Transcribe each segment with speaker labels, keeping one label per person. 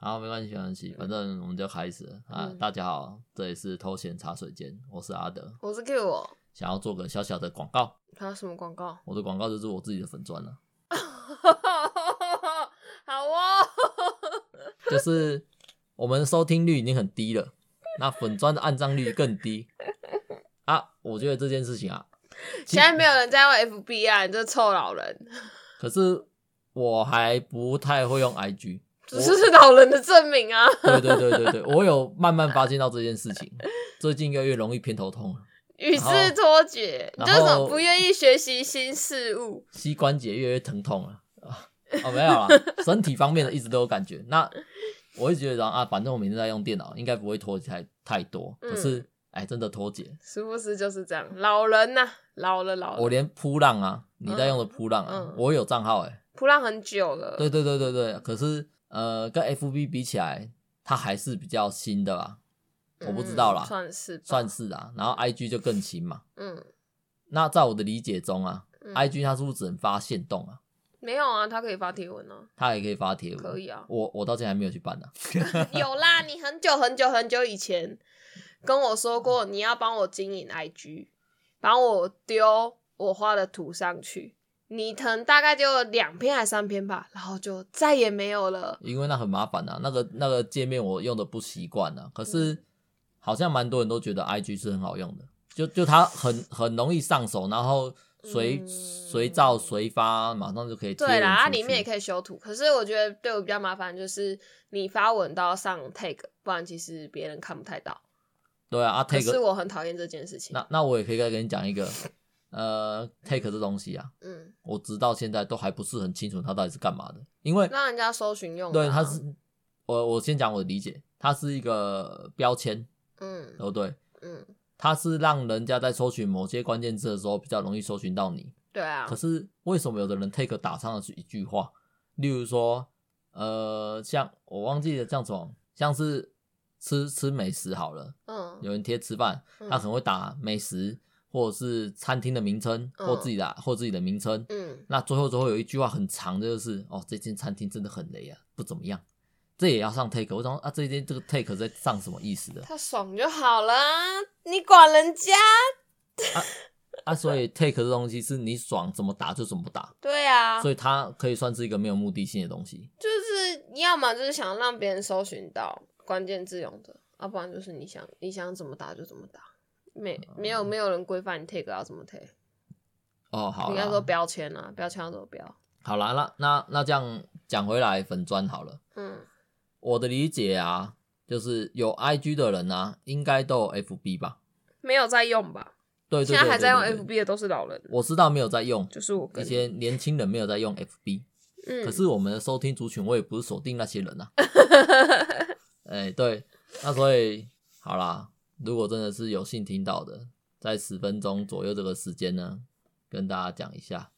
Speaker 1: 好，沒關係，沒關係，反正我們就開始了啊！大家好，這裡是偷閒茶水間，我是阿德，我是 Q、哦。想要做個小小的廣告，
Speaker 2: 啊，什麼廣告？
Speaker 1: 我的廣告就是我自己的粉專
Speaker 2: 了。 好啊，
Speaker 1: 哦， 就是我們收聽率已經很低了，那粉專的按贊率更低啊！我覺得這件事情啊，
Speaker 2: 現在沒有人在用 FB 啊，你這臭老人。
Speaker 1: 可是我還不太會用 IG。只是
Speaker 2: 老人的證明啊！對對對對對，
Speaker 1: 我有慢慢發現到這件事情，最近越來越容易偏頭痛了，與世
Speaker 2: 脫節，就是不願意學習新事物，
Speaker 1: 膝關節越來越疼痛了啊！哦沒有啊，身體方面的一直都有感覺。那我一直覺得，啊，反正我每天在用電腦，應該不會脫太太多。可是，哎，真的脫節，
Speaker 2: 是不是就是這樣？老人吶，老了老了。
Speaker 1: 我連撲浪啊，你在用的撲浪啊，我有賬號哎，
Speaker 2: 撲浪很久了。對
Speaker 1: 對對對對，可是。呃，跟 FB 比起來，它還是比較新的吧？嗯、
Speaker 2: 我不知道啦，算是算
Speaker 1: 是啊。然後 IG 就更新嘛。嗯。那在我的理解中啊、嗯，IG 它是不是只能發現動啊？
Speaker 2: 沒有啊，它可以發帖文啊。
Speaker 1: 它也可以發帖文，可以啊。我我到現在還沒有去辦呢、啊。
Speaker 2: 有啦，你很久很久很久以前跟我說過，你要幫我經營 IG，幫我丟我畫的圖上去。你疼，大概就兩篇還三篇吧，然後就再也沒有了。
Speaker 1: 因為那很麻煩吶、啊，那個那個界面我用的不習慣啊，可是好像蠻多人都覺得 I G 是很好用的，就就它很很容易上手，然後隨隨、嗯、照隨發，馬上就可以。對啦，它、啊、
Speaker 2: 裡面也可以修圖。可是我覺得對我比較麻煩，就是你發文都要上 tag，不然其實別人看不太
Speaker 1: 到。對啊，啊 tag。可是我
Speaker 2: 很討厭這件事情。那
Speaker 1: 那我也可以再跟你講一個。呃，take 這東西啊，嗯，我直到現在都還不是很清楚它到底是幹嘛的，因為
Speaker 2: 讓人家搜尋用啊。對，它是，
Speaker 1: 我我先講我的理解，它是一個標籤，嗯，
Speaker 2: 哦對，對，嗯，
Speaker 1: 它是讓人家在搜尋某些關鍵字的時候比較容易搜尋到你。對啊。可是為什麼有的人 take 打上的是一句話？例如說，呃，像我忘記了這樣子哦，像是吃吃美食好了，嗯，有人貼吃飯，他可能會打美食。或者是餐廳的名稱，或自己的、嗯、或自己的名稱，嗯，那最後最後有一句話很長，的就是哦，這間餐廳真的很雷啊，不怎麼樣，這也要上 take，我想說啊，這間這個 take 在上什麼意思的？他
Speaker 2: 爽就好了、啊，你管人家啊
Speaker 1: 啊！所以 take 這東西是你爽怎麼打就怎麼打，
Speaker 2: 對啊，所以
Speaker 1: 它可以算是一個沒有目的性的東西，
Speaker 2: 就是要麼就是想讓別人搜尋到關鍵字用的，要、啊、不然就是你想你想怎麼打就怎麼打。沒沒有沒有人規範你 tag 要、啊、怎麼 tag
Speaker 1: 哦，好、啊，你應該說
Speaker 2: 標籤啊，標籤要怎麼標？
Speaker 1: 好啦，那那那這樣講回來，粉專好了。嗯，我的理解啊，就是有 IG 的人啊，應該都有 FB 吧？
Speaker 2: 沒有在用吧？對，對，
Speaker 1: 對，對，對，對，對，現在還在用
Speaker 2: FB 的都是老人。
Speaker 1: 我知道沒有在用， 就是我個人，那些年輕人沒有在用 FB。嗯，可是我們的收聽族群我也不是鎖定那些人吶、啊。哎、 欸，對，那所以好啦。如果真的是有幸聽到的，在十分鐘左右這個時間呢，跟大家講一下，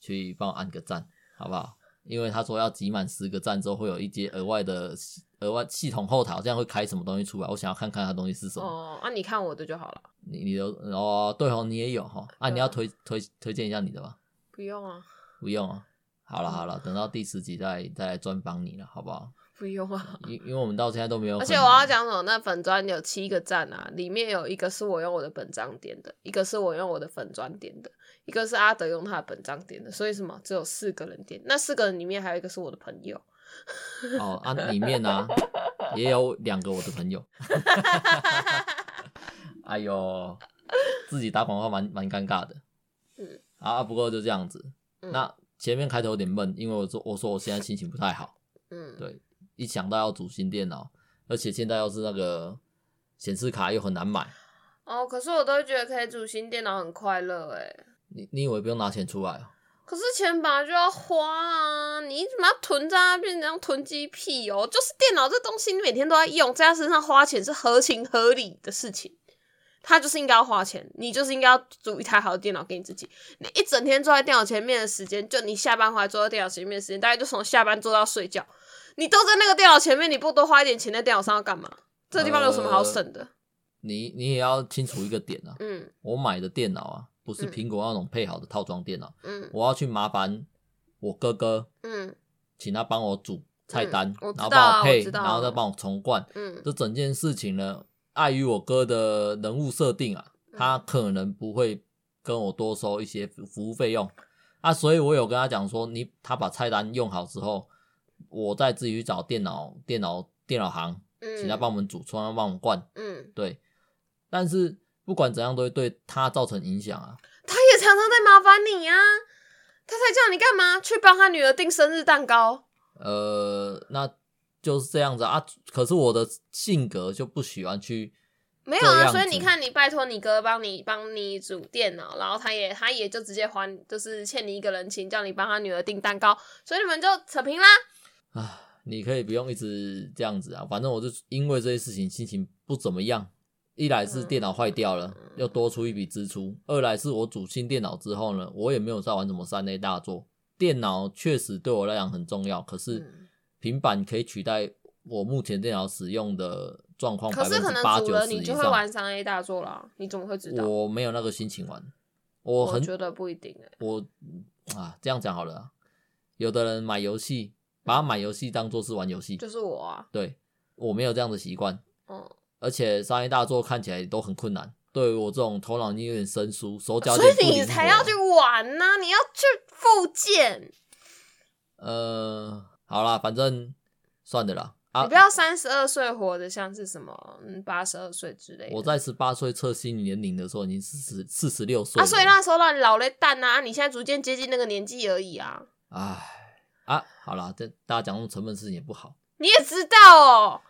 Speaker 1: 去幫我按個讚，好不好？因為他說要集滿十個讚之後，會有一些額外的額外系統後台，好像會開什麼東西出來，我想要看看他東西是什麼。哦，那、
Speaker 2: 啊、你看我的就好了。
Speaker 1: 你、你都哦，對哦，你也有哦，啊，你要推推推薦一下你的吧？
Speaker 2: 不用啊，
Speaker 1: 不用啊。好了好了，等到第十集再再來專訪你了，好不好？
Speaker 2: 不用啊，
Speaker 1: 因、嗯、因為我們到現在都沒有，而且我
Speaker 2: 要講什麼？那粉專有七個讚啊，裡面有一個是我用我的本帳點的，一個是我用我的粉專點的，一個是阿德用他的本帳點的，所以什麼只有四個人點，那四個人裡面還有一個是我的朋友。
Speaker 1: 哦，啊，裡面啊 也有兩個我的朋友。 哎呦，自己打廣告蠻蠻尷尬的。嗯是，啊，不過就這樣子。嗯、那前面開頭有點悶，因為我說我說我現在心情不太好。嗯，對。一想到要組新電腦，而且現在又是那個顯示卡又很難買
Speaker 2: 哦。可是我都會覺得可以組新電腦很快樂哎。你
Speaker 1: 你以為不用拿錢出來啊？
Speaker 2: 可是錢本來就要花啊！你怎麼要囤在那邊，這樣囤積癖哦？就是電腦這東西，你每天都在用，在他身上花錢是合情合理的事情。他就是應該要花錢，你就是應該要組一台好的電腦給你自己。你一整天坐在電腦前面的時間，就你下班回來坐在電腦前面的時間，大概就從下班坐到睡覺。你都在那個電腦前面，你不多花一點錢在電腦上要幹嘛？這個、地方有什麼好省
Speaker 1: 的？呃、你你也要清楚一個點啊。 嗯。我買的電腦啊，不是蘋果那種配好的套裝電腦。嗯。我要去麻煩我哥哥。嗯。請他幫我煮菜單，嗯、然後幫我配，我然後再幫我重灌。嗯。這整件事情呢，礙於我哥的人物設定啊，他可能不會跟我多收一些服務費用。啊，所以我有跟他講說，你他把菜單用好之後。我再自己去找電腦，電腦、電腦行，請、嗯、他幫我們組裝，幫我們灌。嗯，對。但是不管怎樣，都會對他造成影響啊。
Speaker 2: 他也常常在麻煩你啊。他才叫你幹嘛？去幫他女兒訂生日蛋糕。
Speaker 1: 呃，那就是這樣子啊。可是我的性格就不喜歡去。沒有啊，所以你看，
Speaker 2: 你拜託你哥幫你幫你煮電腦，然後他也他也就直接還，就是欠你一個人情，叫你幫他女兒訂蛋糕，所以你們就扯平啦。
Speaker 1: 啊，你可以不用一直這樣子啊。反正我就因為這些事情心情不怎麼樣。一來是電腦壞掉了，嗯、又多出一筆支出；嗯、二來是我組新電腦之後呢，我也沒有再玩什麼三 A 大作。電腦確實對我來講很重要，可是平板可以取代我目前電腦使用的狀況。可是可能組八九十，了你就會玩
Speaker 2: 三 A 大作了、啊，你怎麼會知道？我
Speaker 1: 沒有那個心情玩，我很我覺
Speaker 2: 得不一定、
Speaker 1: 欸。我啊，這樣講好了、啊，有的人買遊戲。把他買遊戲當做是玩遊戲，就
Speaker 2: 是我啊。
Speaker 1: 對，我沒有這樣的習慣。嗯，而且商業大作看起來都很困難，對於我這種頭腦已經有點生疏，手腳，所以你才要
Speaker 2: 去玩啊，你要去復健。
Speaker 1: 呃，好啦，反正算的啦。啊，你不
Speaker 2: 要三十二歲活得像是什麼八十二歲之類的。我在
Speaker 1: 十八歲測心理年齡的時候已經四十四十六歲。啊，所以
Speaker 2: 那時候讓你老了蛋啊，你現在逐漸接近那個年紀而已啊。
Speaker 1: 唉。啊，好了，這大家講這種成本事情也不好。
Speaker 2: 你也知道哦。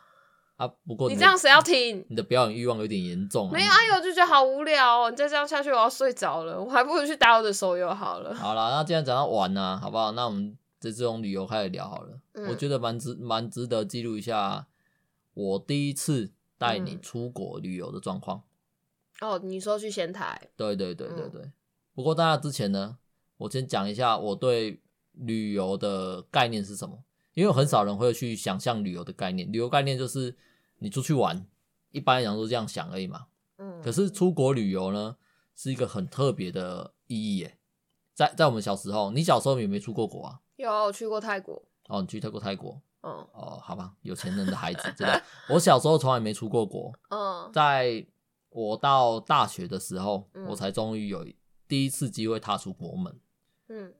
Speaker 1: 啊，不過你，你這樣誰要聽？你的表演慾望有點嚴重，啊。沒
Speaker 2: 有，阿、哎、我就覺得好無聊。哦。你再這樣下去，我要睡着了。我還不如去打我的手遊好了。好
Speaker 1: 了，那既然講到玩呢，啊，好不好？那我們這次從旅遊開始聊好了。嗯，我覺得蠻值，蠻值得記錄一下我第一次帶你出國旅遊的狀況，
Speaker 2: 嗯。哦，你說去仙台？
Speaker 1: 對對對對對。嗯，不過大家之前呢，我先講一下我對。旅遊的概念是什麼？因為很少人會去想象旅遊的概念。旅遊概念就是你出去玩，一般人都這樣想而已嘛。嗯。可是出國旅遊呢，是一個很特別的意義欸，在在我們小時候，你小時候有沒有出過國啊？
Speaker 2: 有，我去過泰國。
Speaker 1: 哦，你去過泰國？泰國。嗯。哦，好吧，有錢人的孩子 知道。我小時候從來沒出過國。嗯。在我到大學的時候，我才終於有第一次機會踏出國門。嗯。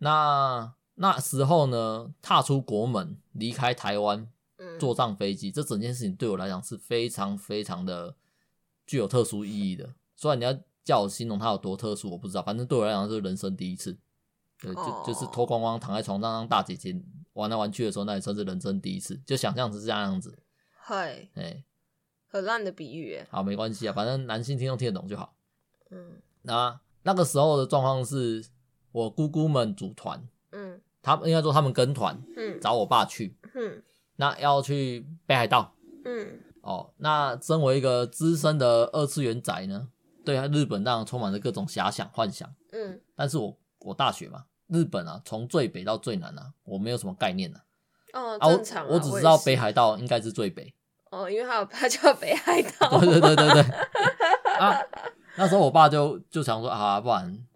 Speaker 1: 那那時候呢，踏出國門，離開台灣，坐上飛機，嗯、這整件事情對我來講是非常非常的具有特殊意義的。雖然你要叫我形容它有多特殊，我不知道，反正對我來講是人生第一次。對，哦、就就是脫光光躺在床上讓大姐姐玩來玩去的時候，那也算是人生第一次。就想象是這樣子。嗨嘿，哎對，
Speaker 2: 很爛的比
Speaker 1: 喻哎。好，沒關係啊，反正男性聽懂聽得懂就好。嗯，那那個時候的狀況是。我姑姑們組團，嗯，他們應該說他們跟團，嗯，找我爸去，嗯，那要去北海道，嗯，哦，那身為一個資深的二次元宅呢，對日本當然充滿了各種遐想幻想，嗯，但是我我大學嘛，日本啊，從最北到最南啊，我沒有什麼概念啊。哦，
Speaker 2: 啊，正常啊，我，我只知道北
Speaker 1: 海道應該是最北，
Speaker 2: 哦，因為我爸叫北海道，對對對對對，
Speaker 1: 啊，那時候我爸就就想說啊，不然。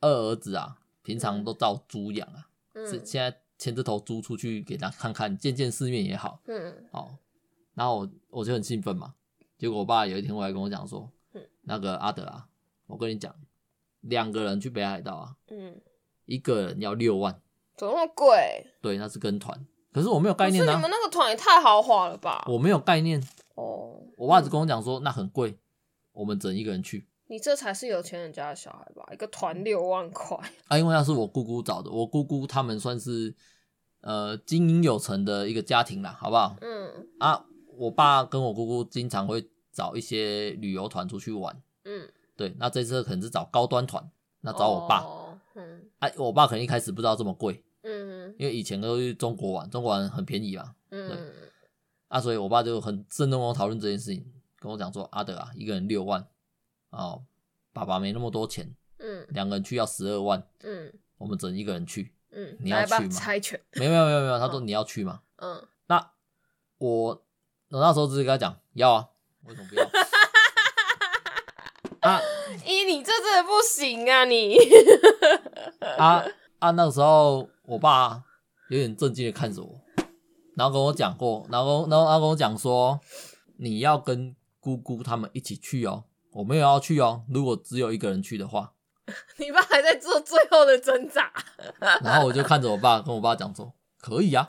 Speaker 1: 二兒子啊，平常都照豬養啊，是、嗯，嗯、現在牽這頭豬出去給他看看，見見世面也好，嗯，哦。然後我我就很興奮嘛，結果我爸有一天過來跟我講說，嗯，那個阿德啊，我跟你講，兩個人去北海道啊，
Speaker 2: 嗯，
Speaker 1: 一個人要六萬，
Speaker 2: 怎麼那麼貴？
Speaker 1: 對，那是跟團，可是我沒有概念、啊，是你們那
Speaker 2: 個團也太豪華了吧？
Speaker 1: 我沒有概念哦，嗯、我爸只跟我講說那很貴，我們整一個人去。
Speaker 2: 你這才是有錢人家的小孩吧？一個團六萬塊
Speaker 1: 啊！因為那是我姑姑找的，我姑姑他們算是呃經營有成的一個家庭啦，好不好？嗯啊，我爸跟我姑姑經常會找一些旅遊團出去玩，嗯，對。那這次可能是找高端團，那找我爸，哦、嗯，哎、啊，我爸可能一開始不知道這麼貴，嗯哼，因為以前都去中國玩，中國玩很便宜嘛，嗯，啊，所以我爸就很鄭重跟我討論這件事情，跟我講說：“阿、啊、德啊，一個人六萬。”哦，爸爸沒那麼多錢，嗯，兩個人去要十二萬，嗯，我們只能一個人去，
Speaker 2: 嗯，你要去
Speaker 1: 嗎？沒有沒有沒有沒有，他說你要去嗎？嗯，那我我那時候直接跟他講，要啊，為什麼不要？
Speaker 2: 啊，咦，你這真的不行啊你！
Speaker 1: 啊 啊，啊那個時候我爸有點震驚的看着我，然後跟我講過，然後然後，然後跟我講說，你要跟姑姑他們一起去哦。我沒有要去哦。如果只有一個人去的話，
Speaker 2: 你爸還在做最後的掙扎。 然後
Speaker 1: 我就看着我爸，跟我爸講說：“可以啊。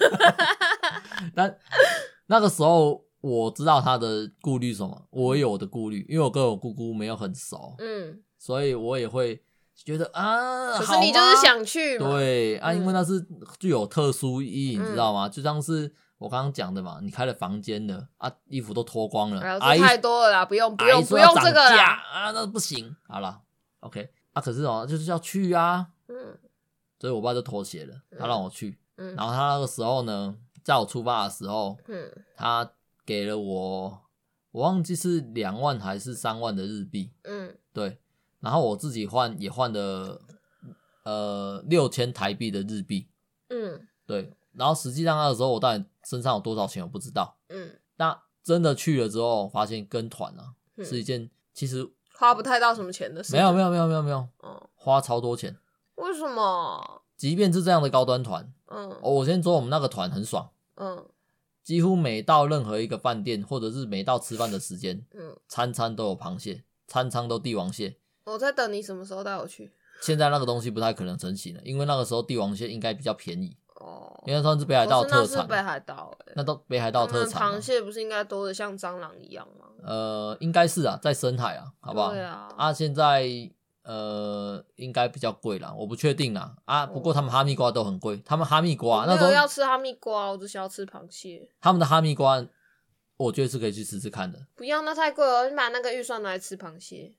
Speaker 1: ”但那個時候我知道他的顧慮什麼，我有我的顧慮，因為我跟我姑姑沒有很熟，嗯，所以我也會覺得啊，可是你就是
Speaker 2: 想去嘛，對
Speaker 1: 啊，因為那是具有特殊意義，嗯、你知道嗎？就像是。我剛剛講的嘛，你開了房間的啊，衣服都脫光了，太多了啦，姨不用不用不用這個了。啊，那不行，好了，OK 啊，可是哦，就是要去啊，嗯，所以我爸就妥協了，他讓我去，嗯嗯、然後他那個時候呢，在我出發的時候，嗯，他給了我，我忘記是兩萬還是三萬的日幣，嗯，對，然後我自己換也換了，呃，六千台幣的日幣，嗯，對。然後實際上那個時候，我到底身上有多少錢我不知道。嗯，那真的去了之後，發現跟團呢、啊、是一件其實
Speaker 2: 花不太到什麼錢的事。沒有沒有沒有沒
Speaker 1: 有沒有，嗯，花超多錢？
Speaker 2: 為什麼？
Speaker 1: 即便是這樣的高端團，嗯，我先說我們那個團很爽，
Speaker 2: 嗯，
Speaker 1: 幾乎每到任何一個飯店，或者是每到吃飯的時間，嗯，餐餐都有螃蟹，餐餐都帝王蟹。
Speaker 2: 我在等你什麼時候帶我去。
Speaker 1: 現在那個東西不太可能成型了，因為那個時候帝王蟹應該比較便宜。哦，應該算是北海道特產。是是北海道、欸，那都北海道特產、啊。螃
Speaker 2: 蟹不是應該多得像蟑螂一樣嗎？
Speaker 1: 呃，應該是啊，在深海啊，好不好？對啊，啊，現在呃，應該比較貴啦。我不確定啦。啊，不過他們哈密瓜都很貴，他們哈密瓜。我沒有要
Speaker 2: 吃哈密瓜，我只需要吃螃蟹。
Speaker 1: 他們的哈密瓜，我覺得是可以去試試看的。
Speaker 2: 不要，那太貴了、哦，你把那個預算拿來吃螃蟹。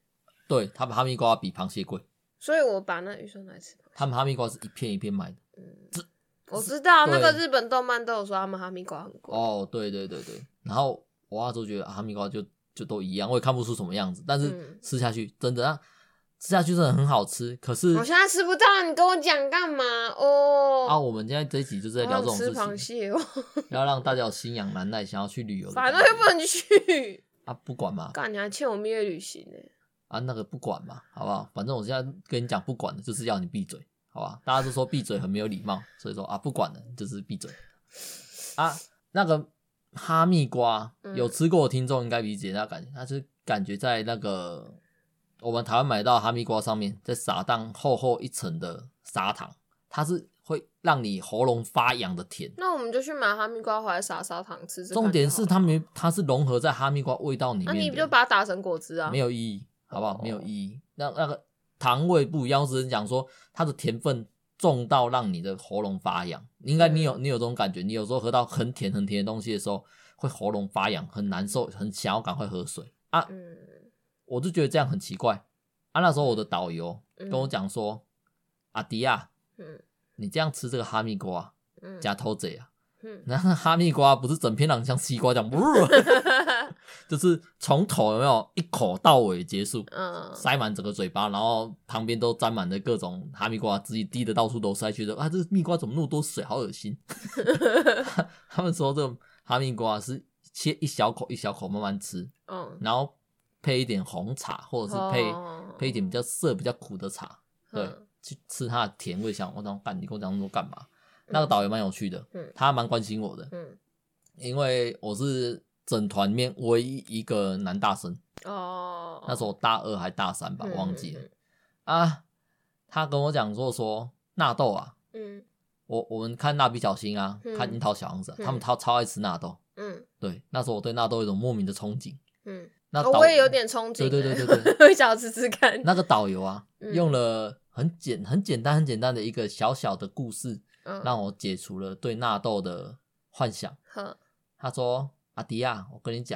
Speaker 1: 對，他們哈密瓜比螃蟹貴，
Speaker 2: 所以我把那預算拿來吃。
Speaker 1: 他們哈密瓜是一片一片賣的，嗯。我
Speaker 2: 知道對那個日本動漫都有說他們哈密瓜
Speaker 1: 很貴哦，對對對對，然後我那時候覺得、啊、哈密瓜就就都一樣，我也看不出什麼樣子，但是吃下去真的、啊、吃下去真的很好吃。可是我現
Speaker 2: 在吃不到，你跟我講幹嘛哦？Oh, 啊，
Speaker 1: 我們現在這一集就是在聊這種事情，要，吃螃蟹哦、要讓大家有心癢難耐，想要去旅遊，反
Speaker 2: 正又不能
Speaker 1: 去啊，不管嘛。幹，你還欠我蜜月旅行呢？啊，那個不管嘛，好不好？反正我現在跟你講，不管的就是要你閉嘴。好吧，大家都說閉嘴很沒有禮貌，所以說啊，不管了，就是閉嘴。啊，那個哈密瓜、嗯、有吃過的聽眾應該理解那感覺，它是感覺在那個我們台灣買到哈密瓜上面，再撒上厚厚一層的砂糖，它是會讓你喉嚨發癢的甜。
Speaker 2: 那我們就去買哈密瓜回來撒砂糖吃、吃。重點
Speaker 1: 是它沒，它是融合在哈密瓜味道裡面。那你不就
Speaker 2: 把它打成果汁啊？沒有
Speaker 1: 意義，好不好？沒有意義。那、哦、那個。糖味不一樣。央視人講說，它的甜分，重到讓你的喉嚨發癢。應該你有，你有這種感覺，你有時候喝到很甜很甜的東西的時候，會喉嚨發癢，很難受，很想要趕快喝水啊。我就覺得這樣很奇怪啊。那時候我的導遊跟我講說：“嗯、阿迪亞、啊，嗯、你這樣吃這個哈密瓜，假偷頭賊啊，那、嗯嗯、哈密瓜不是整片朗像西瓜這樣。嗯” 就是從頭有沒有一口到尾結束，塞滿整個嘴巴，然後旁邊都沾滿了各種哈密瓜，自己滴的到處都塞去的。啊，這蜜瓜怎麼那麼多水，好噁心！ 他們說這種哈密瓜是切一小口一小口慢慢吃，oh. 然後配一點紅茶，或者是配 oh, oh, oh. 配一點比較澀、比較苦的茶，對，oh. 去吃它的甜味。想我想，幹你跟我講那麼多幹嘛？那個導遊蠻有趣的，他蠻、嗯、關心我的，
Speaker 3: 嗯、
Speaker 1: 因為我是。整團面唯一一個男大生哦，那時候我大二還大三吧，忘記了啊。他跟我講說說納豆啊，嗯，我我們看《蠟筆小新》啊，看《櫻桃小丸子》，他們超超愛吃納豆，嗯，對。那時候我對納豆有一種莫名的憧憬，
Speaker 2: 嗯，那我也有點憧憬，對對對對對，我也想要吃吃看。那
Speaker 1: 個導遊啊，用了很簡很簡單很簡單的一個小小的故事，嗯，讓我解除了對納豆的幻想。他說。阿迪亞、啊，我跟你講，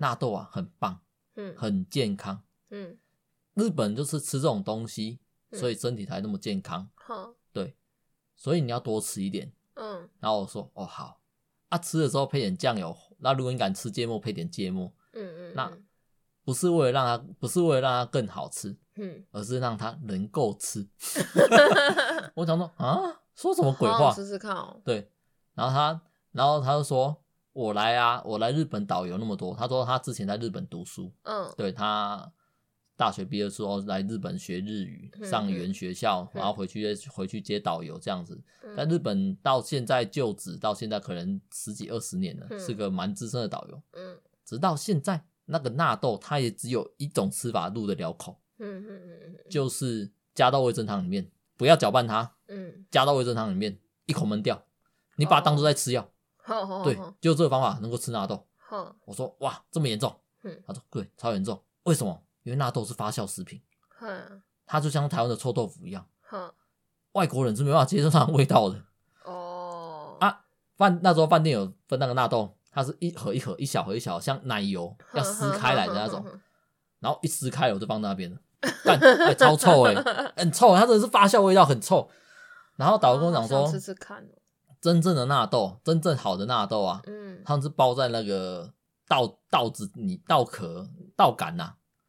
Speaker 1: 納、嗯、豆啊很棒，嗯、很健康，嗯、日本就是吃這種東西，
Speaker 3: 所以身體
Speaker 1: 才那麼健康。嗯、對，所以你要多吃一點，嗯、然後我說，哦好，啊吃的時候配點醬油，那如果你敢吃芥末，配點芥末，嗯嗯，嗯那不是為了讓它，不是為了讓它更好吃，嗯、而是讓它能夠吃。 我想說啊，說什麼鬼話？
Speaker 2: 然後、
Speaker 1: 哦、對，然後他，然後他就說。我來啊，我來日本導遊那麼多。他說他之前在日本讀書，嗯，對，他大學畢業的時候來日本學日語，上語言學校，嗯、然後回去、嗯、回去接導遊這樣子。但日本到現在就職到現在可能十幾二十年了，嗯、是個蠻資深的導遊。嗯，直到現在，那個納豆它也只有一種吃法，入得了口。嗯
Speaker 3: 嗯嗯嗯，嗯嗯
Speaker 1: 就是加到味噌湯裡面，不要攪拌它。嗯，加到味噌湯裡面一口悶掉，你把它當做在吃藥。哦對，就這個方法能夠吃納豆。我說哇，這麼嚴重？他說對，超嚴重。為什麼？因為納豆是發酵食品。
Speaker 3: 他
Speaker 1: 它就像台灣的臭豆腐一樣。外國人是沒辦法接受那的味道的。哦啊，飯那時候飯店有分那個納豆，它是一盒一盒，一小盒一小，像奶油要撕開來的那種，然後一撕開了就放在那邊了。哎，超臭哎，很臭，它真的是發酵味道，很臭。然後導遊跟我講說，真正的納豆，真正好的納豆啊，嗯，它是包在那個稻稻子、你稻殼、稻杆吶，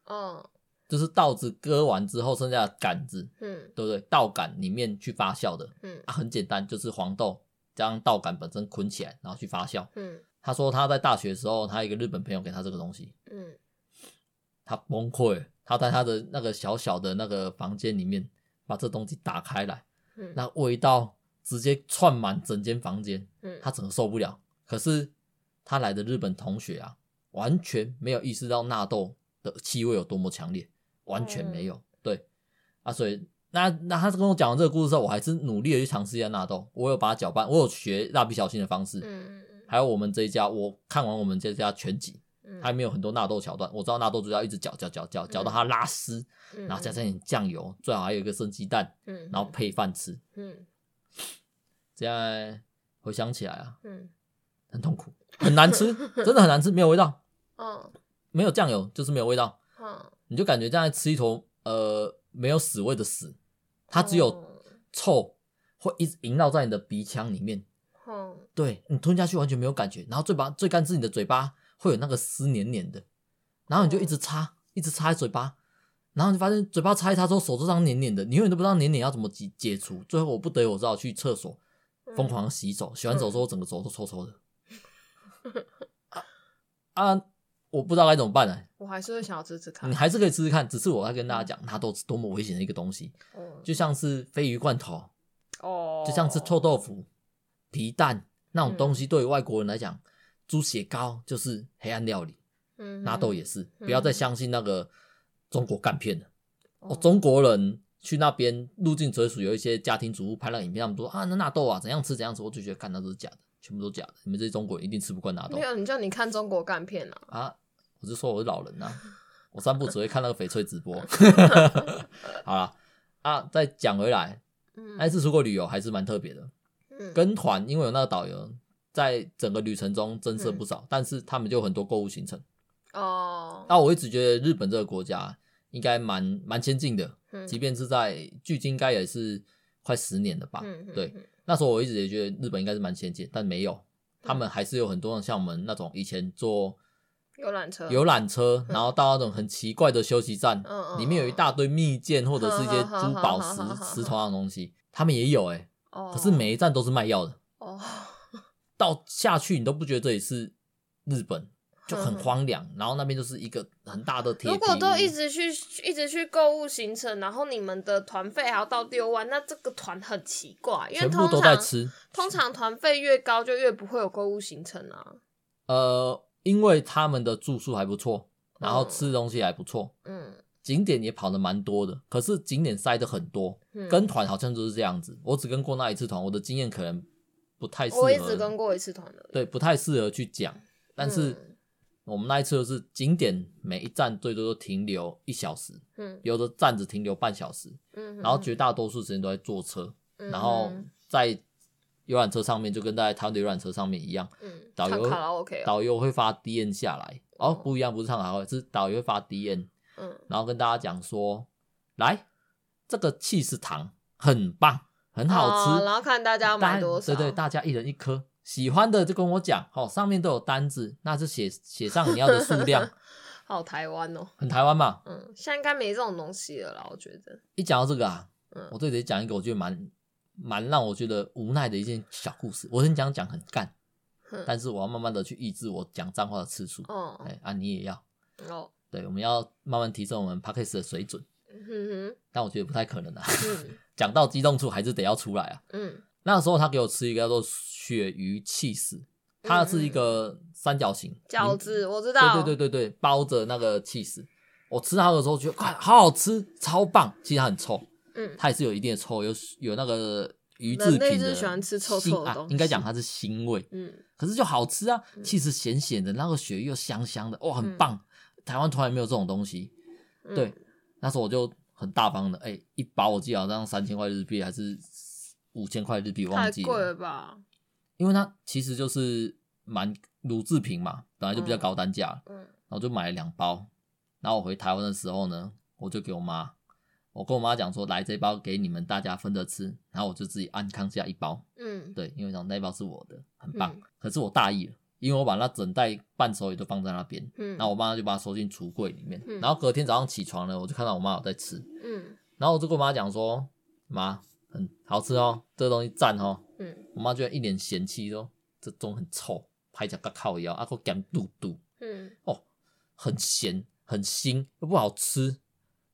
Speaker 1: 嗯、啊，oh. 就是稻子割完之後剩下的杆子，嗯，hmm. 對不對？稻杆裡面去發酵的，嗯，hmm. 啊，很簡單，就是黃豆將稻杆本身捆起來，然後去發酵，嗯。Hmm. 他說他在大學的時候，他一個日本朋友給他這個東西，嗯，hmm. 他崩潰，他在他的那個小小的那個房間裡面把這東西打開來，嗯，hmm. 那味道。直接串滿整間房間，他整個受不了。可是他來的日本同學啊，完全沒有意識到納豆的氣味有多麼強烈，完全沒有。對，啊，所以那那他跟我講完這個故事之後，我還是努力的去嘗試一下納豆。我有把它攪拌，我有學蠟筆小新的方式。還有我們這一家，我看完我們這一家全集，他還沒有很多納豆橋段。我知道納豆主要一直攪攪攪攪攪到它拉絲，然後加上點醬油，最好還有一個生雞蛋，然後配飯吃，嗯。這樣回想起來啊，嗯，
Speaker 3: 很痛苦，很難吃，真的很難吃，
Speaker 1: 沒有味道，哦、沒有醬油就是沒有味道，嗯，哦、你就感覺這樣吃一坨呃沒有屎味的屎，它只有臭，哦、會一直縈繞在你的鼻腔裡面，嗯、哦，對，你吞下去完全沒有感覺，然後嘴巴最幹是你的嘴巴會有那個濕黏黏的，然後你就一直擦，哦、一直擦在嘴巴。然後你發現嘴巴擦一擦，之後手指上黏黏的，你永遠都不知道黏黏要怎麼解解除。最後我不得，我知道去廁所瘋狂洗手，洗完、嗯、手之後，整個手都臭臭的、嗯啊。啊，我不知道該怎麼辦呢。
Speaker 2: 我還是會想要吃吃看。你還
Speaker 1: 是可以吃吃看，只是我要跟大家講，納豆是多麼危險的一個東西。嗯、就像是鯡魚罐頭，
Speaker 2: 哦、就像
Speaker 1: 是臭豆腐、皮蛋那種東西，嗯、對於外國人來講，豬血糕就是黑暗料理。嗯
Speaker 3: 哼，納豆也
Speaker 1: 是，不要再相信那個。嗯中國幹片的，哦，中國人去那邊入境，隨俗，有一些家庭主婦拍了影片，他們說啊，那納豆啊怎樣吃怎樣吃，我就覺得看到都是假的，全部都假的。你們這些中國人一定吃不慣納豆。沒
Speaker 2: 有，你叫你看中國干片呢、啊？
Speaker 1: 啊，我是說我是老人啊，我散步只會看那個翡翠直播。 好了啊，再講回來，那一次出國旅遊還是蠻特別的，跟團，因為有那個導遊在整個旅程中增色不少，嗯、但是他們就有很多購物行程。哦，那我一直覺得日本這個國家。應該蠻蠻先進的，即便是在距今應該也是快十年了吧。嗯、哼哼對，那時候我一直也覺得日本應該是蠻先進，但沒有，他們還是有很多像我們那種以前坐
Speaker 2: 遊覽車、遊覽
Speaker 1: 車，然後到那種很奇怪的休息站，裡面有一大堆蜜餞或者是一些珠寶石、嗯、哼哼石頭上的東西，他們也有哎、欸。哦、可是每一站都是賣藥的。哦。到下去你都不覺得這裡是日本。就很荒涼，呵呵然後那邊就是一個很大的鐵。如果都一
Speaker 2: 直去，一直去購物行程，然後你們的團費還要到六萬，那這個團很奇怪。因為通常全部都在吃。通常團費越高，就越不會有購物行程啊。
Speaker 1: 呃，因為他們的住宿還不錯，然後吃的東西還不錯，
Speaker 2: 嗯，
Speaker 1: 景點也跑得蠻多的，可是景點塞得很多。嗯、跟團好像就是這樣子，我只跟過那一次團，我的經驗可能不太適合。我一直
Speaker 2: 跟過一次團的。
Speaker 1: 對，不太適合去講，但是。嗯我們那一次是景點每一站最多停留一小時，
Speaker 2: 嗯、有
Speaker 1: 的站只停留半小時，嗯、哼然後絕大多數時間都在坐車，嗯、哼然後在遊覽車上面就跟在台灣的遊覽車上面一樣，
Speaker 3: 嗯、導遊遊、OK 哦、導
Speaker 1: 遊會發 D N 下來，哦，哦不一樣，不是唱卡拉 OK，是導遊會發 D N，嗯，然後跟大家講說，來這個起司糖，很棒，很好吃，哦、然
Speaker 2: 後看大家買多少，對，對對，
Speaker 1: 大家一人一顆。喜歡的就跟我講，哦，上面都有單子，那就寫寫上你要的數量。
Speaker 2: 好台灣哦。
Speaker 1: 很台灣嘛。嗯，現在
Speaker 2: 應該沒這種東西了啦，我覺得。
Speaker 1: 一講到這個啊，嗯、我這裡講一個我覺得蠻蠻讓我覺得無奈的一件小故事，我先講講很乾，嗯、但是我要慢慢的去抑制我講髒話的次數。哦、嗯，哎、欸、啊，你也要。哦。對，我們要慢慢提升我們 podcast 的水準。嗯
Speaker 3: 哼。
Speaker 1: 但我覺得不太可能啊，講 到激動處還是得要出來啊。嗯。那時候他給我吃一個叫做鱈魚起司，
Speaker 2: 它是一
Speaker 1: 個三角形餃子，
Speaker 2: 我知道，對對
Speaker 1: 對對，包着那個起司。我吃它的時候覺得，哎，好好吃，超棒。其實很臭，嗯，
Speaker 3: 它
Speaker 1: 也是有一定的臭，有有那個魚製品的腥，啊，應該講它是腥味，嗯，可是就好吃啊，起司鹹鹹的，那個鱈魚又香香的，哇，很棒。台灣從來沒有這種東西，對，那時候我就很大方的，哎，一包我記得好像三千塊日幣，還是。五千塊日幣，忘記，太貴了吧？因為它其實就是蠻乳制品嘛，本來就比較高單價，嗯，然後就買了兩包。然後我回台灣的時候呢，我就給我媽，我跟我媽講說，來，這一包給你們大家分着吃，然後我就自己安康下一包，嗯，對，因為想那一包是我的，很棒。可是我大意了，因為我把那整袋半熟也都放在那邊，嗯，然後我媽就把它收進櫥櫃裡面，然後隔天早上起床呢，我就看到我媽有在吃，嗯，
Speaker 3: 然
Speaker 1: 後我就跟我媽講說，媽。很好吃哦，這個、東西讚哦。嗯，我媽居然一臉嫌棄說：“嗯、這種很臭，拍起個靠腰，啊個鹹嘟,嘟嘟。”嗯，哦，很鹹，很腥，又不好吃。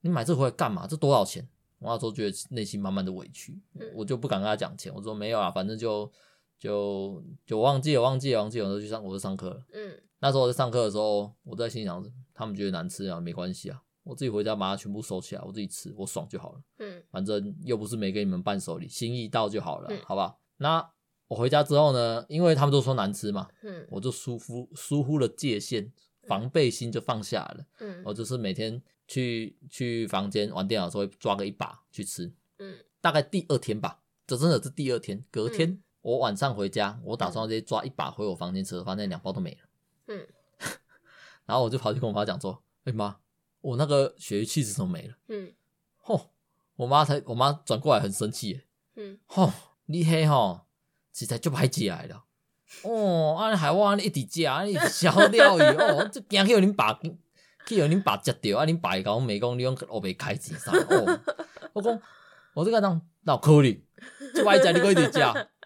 Speaker 1: 你買這回來幹嘛？這多少錢？我那時候覺得內心滿滿的委屈，嗯、我就不敢跟她講錢。我說沒有啊，反正就就就忘記了，忘記了，忘記了。有時候去上，我就上課了。嗯，那時候我在上課的時候，我在心裡想：他們覺得難吃啊，沒關係啊。我自己回家，把它全部收起來，我自己吃，我爽就好了。嗯，反正又不是沒給你們伴手禮，心意到就好了。嗯、好吧，那我回家之後呢？因為他們都說難吃嘛，嗯，我就疏忽疏忽了界限，防備心就放下了。嗯，我就是每天去去房間玩電腦的時候，抓個一把去吃。嗯，大概第二天吧，這真的是第二天，隔天、嗯、我晚上回家，我打算直接抓一把回我房間吃，發現兩包都沒
Speaker 3: 了。
Speaker 1: 嗯， 然後我就跑去跟我媽講說：“哎、欸、媽！”我、哦、那個血氣子都沒了。嗯，吼、哦！我媽才，我媽轉過來很生氣。嗯，吼、哦！你黑吼，實在就愛吃來了。哦，啊還我，你一直吃，啊你少掉去哦，就驚去互你爸，互你爸食著，啊你爸搞沒講你用後袂開錢殺哦。我講，我這個人哪有可能，這外食你佫一直食，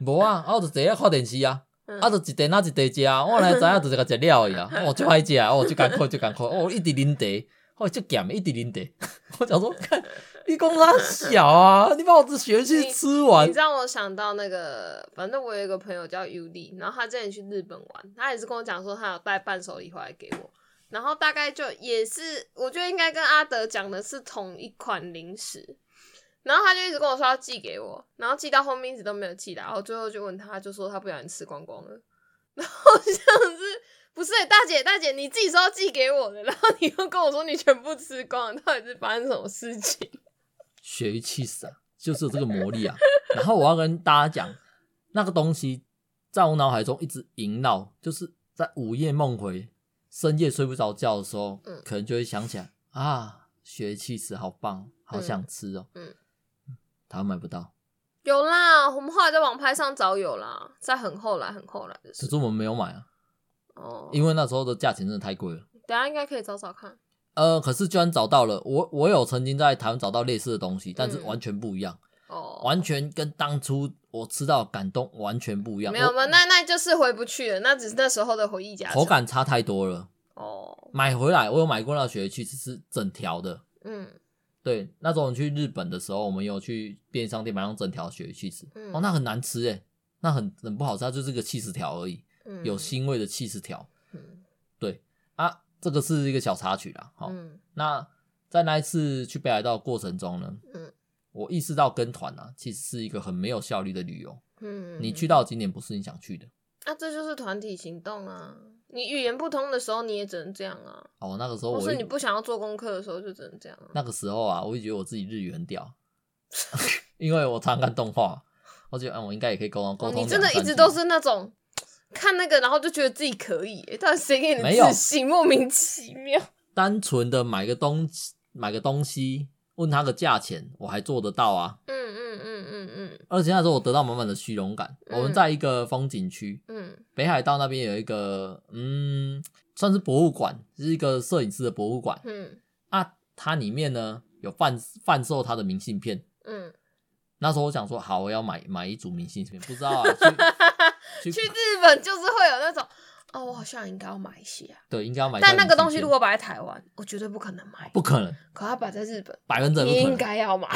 Speaker 1: 無啊， 啊我就直接看電視啊， 啊就一直那一直食。啊，我來知影，就一個食了去啊，哦就愛食。啊，哦就艱苦就艱苦，哦一直啉茶。哦，就減了一點點 我講說看，你工公升小啊， 你把我的學期吃完。你知道
Speaker 2: 我想到那個，反正我有一個朋友叫 ud 然後他之前去日本玩，他也是跟我講說他有帶伴手禮回來給我，然後大概就也是，我覺得應該跟阿德講的是同一款零食，然後他就一直跟我說要寄給我，然後寄到後面一直都沒有寄來，然後最後就問他，他就說他不小心吃光光了，
Speaker 1: 然後
Speaker 2: 像是。不是、欸、大姐，大姐，你自己說要寄給我的，然後你又跟我說你全部吃光了，到底是發生什麼事情？
Speaker 1: 鱈魚起司啊，就是有這個魔力啊。 然後我要跟大家講，那個東西在我腦海中一直縈繞，就是在午夜夢回、深夜睡不着覺的時候，嗯，可能就會想起來啊，鱈魚起司，好棒，好想吃哦、喔嗯。嗯，它還買不到？
Speaker 2: 有啦，我們後來在網拍上找有啦，在很後來很後來的、就、
Speaker 1: 事、是。可是我們沒有買啊。哦，oh. 因為那時候的價錢真的太貴了。
Speaker 2: 等下應該可以找找看。
Speaker 1: 呃，可是居然找到了，我我有曾經在台灣找到類似的東西，但是完全不一樣。哦、
Speaker 2: 嗯，oh. 完
Speaker 1: 全跟當初我吃到的感動完全不一樣。沒有嘛？
Speaker 2: 我那那就是回不去了。那只是那時候的回憶加成，口
Speaker 1: 感差太多了。哦，oh. 買回來我有買過那鱈魚起司是整條的。嗯，對，那時候我們去日本的時候，我們有去便利商店買上整條鱈魚起司吃，嗯，哦，那很難吃哎、欸，那很很不好吃，它就是個起司條而已。有腥味的起司條，嗯、對啊，這個是一個小插曲啦。好、哦，嗯、那在那一次去北海道的過程中呢，嗯，我意識到跟團啊其實是一個很沒有效率的旅遊。嗯，你去到景點不是你想去的，
Speaker 2: 那、啊、這就是團體行動啊。你語言不通的時候你也只能這樣
Speaker 1: 啊。哦，那個時候我是你不
Speaker 2: 想要做功課的時候就只能這樣、啊。
Speaker 1: 那個時候啊，我也覺得我自己日語很屌， 因為我常看動畫，我覺得嗯我應該也可以溝通溝通、哦。你真的一直都
Speaker 2: 是那種。看那個，然後就覺得自己可以、欸，但是誰給你的自信？莫名其妙。
Speaker 1: 單純的買個東西，買個東西，問他個價錢，我還做得到啊。嗯嗯嗯嗯
Speaker 3: 嗯。嗯
Speaker 1: 嗯嗯，而且那時候我得到滿滿的虛榮感。嗯、我們在一個風景區，
Speaker 3: 嗯，
Speaker 1: 北海道那邊有一個，嗯，算是博物館，是一個攝影師的博物館。嗯。啊，它裡面呢有販販售他的明信片。嗯。那時候我想說，好，我要買買一組明信片，不知道。啊。
Speaker 2: 去日本就是會有那種，哦，我好像應該要買一些啊。
Speaker 1: 對，應該要買一些。但那個東西如果
Speaker 2: 擺在台灣，我絕對不可能買。不可能。可它擺在日本，
Speaker 1: 百分之百應
Speaker 2: 該要買。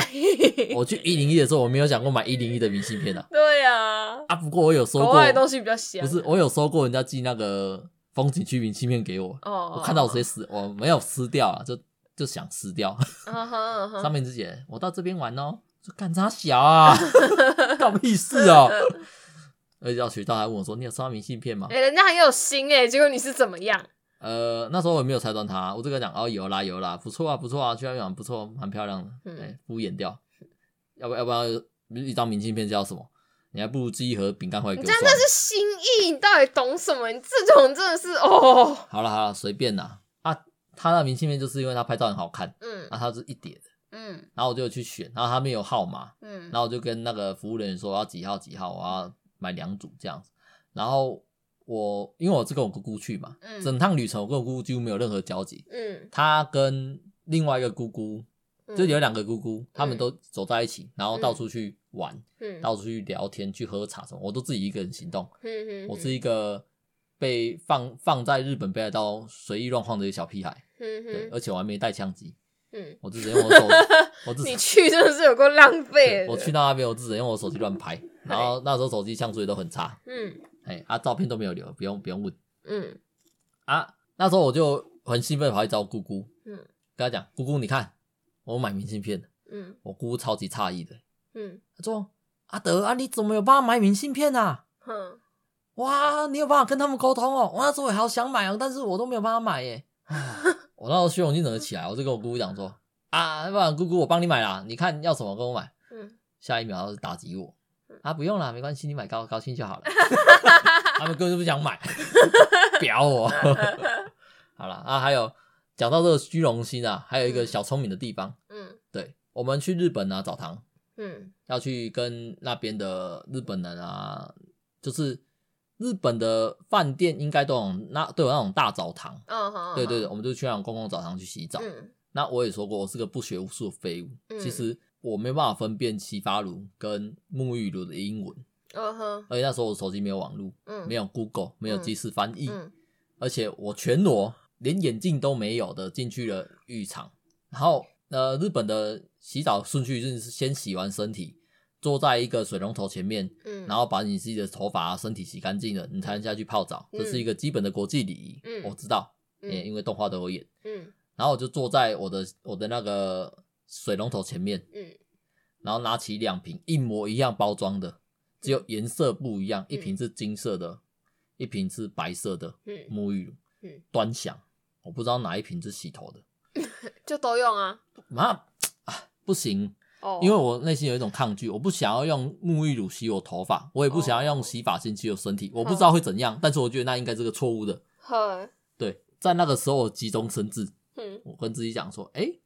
Speaker 2: 我去
Speaker 1: 一零一的時候，我沒有想過買一零一的明信片啊。對呀，啊，不過我有收過，東西比較小，啊。不是，我有收過人家寄那個風景區明信片給我。哦。Oh, oh, oh. 我看到我直接撕，我沒有撕掉、啊，掉，就就想撕掉。Huh, uh huh. 上面直接，我到這邊玩哦，就幹啥小啊？搞屁事啊？ 而且渠道還問我說：“你有收到明信片嗎？”
Speaker 2: 誒、欸、人家很有心誒，結果你是怎麼樣？
Speaker 1: 呃，那時候我也沒有拆穿他，我這個講哦，有啦有啦，不錯啊不錯啊。居然講不錯，蠻漂亮的，嗯、欸，敷衍掉。要不要不要？一張明信片叫什麼？你還不如寄一盒餅乾回來給我。你這樣那是
Speaker 2: 心意，你到底懂什麼？你這種真的是哦。
Speaker 1: 好了好了，隨便啦啊！他那明信片就是因為他拍照很好看，嗯，啊，他是一疊的，嗯，然後我就去選，然後他沒有號碼，嗯，然後我就跟那個服務人員說：“我要幾號幾號，我要。”買兩組這樣子，然後我因為我是跟我姑姑去嘛，整趟旅程我跟我姑姑幾乎沒有任何交集，嗯，她跟另外一個姑姑，就有兩個姑姑，他們都走在一起，然後到處去玩，嗯，到處去聊天、去喝茶什麼，我都自己一個人行動，嗯，我是一個被放放在日本北海道隨意亂晃的小屁孩，嗯，而且我還沒帶相機，嗯，我自己用我手，我你
Speaker 2: 去真的是有夠浪費，我
Speaker 1: 去到那邊我自己用我手機亂拍。然後那時候手機像素也都很差，嗯，哎，他、啊、照片都沒有留，不用不用問，嗯，啊，那時候我就很興奮的跑去找姑姑，嗯，跟他講，姑姑你看，我買明信片，嗯，我姑姑超級詫異的，嗯，她說阿德啊，你怎麼有辦法買明信片啊？哼、嗯。哇，你有辦法跟他們溝通哦，我那時候也好想買啊、哦，但是我都沒有辦法買耶， 我那時候虛榮心怎麼起來？我就跟我姑姑講說，啊，不然姑姑我幫你買啦，你看要什麼跟我買，嗯，下一秒他就打擊我。啊，不用了，沒關係，你買高高興就好了。 他們根本就不想買， 表我 好了啊。還有講到這個虛榮心啊，還有一個小聰明的地方。嗯，對，我們去日本啊澡堂，嗯，要去跟那邊的日本人啊，就是日本的飯店應該都有那都有那種大澡堂。嗯、
Speaker 3: 哦，對對對，
Speaker 1: 我們就去那種公共澡堂去洗澡。嗯，那我也說過，我是個不學無術的廢物。嗯，其實。我沒辦法分辨洗髮乳跟沐浴乳的英文，而且那時候我手機沒有網絡，嗯、沒有 Google，嗯、沒有即時翻譯，嗯嗯、而且我全裸，連眼鏡都沒有的進去了浴場，然後呃，日本的洗澡順序是先洗完身體，坐在一個水龍頭前面，嗯、然後把你自己的頭髮身體洗乾淨了，你才能下去泡澡，嗯、這是一個基本的國際禮儀，嗯、我知道，嗯、因為動畫都有演，嗯嗯、然後我就坐在我的我的那個。水龍頭前面，嗯、然後拿起兩瓶一模一樣包裝的，只有顏色不一樣，嗯、一瓶是金色的，嗯、一瓶是白色的，嗯、沐浴乳。嗯嗯、端詳，我不知道哪一瓶是洗頭的，
Speaker 2: 就都用啊？
Speaker 1: 媽啊，不行！因為我內心有一種抗拒，我不想要用沐浴乳洗我頭髮，我也不想要用洗髮精洗我身體，哦、我不知道會怎樣，但是我覺得那應該是個錯誤的。
Speaker 3: 呵
Speaker 1: 對，在那個時候我急中生智，
Speaker 3: 嗯、我跟
Speaker 1: 自己講說，哎、欸。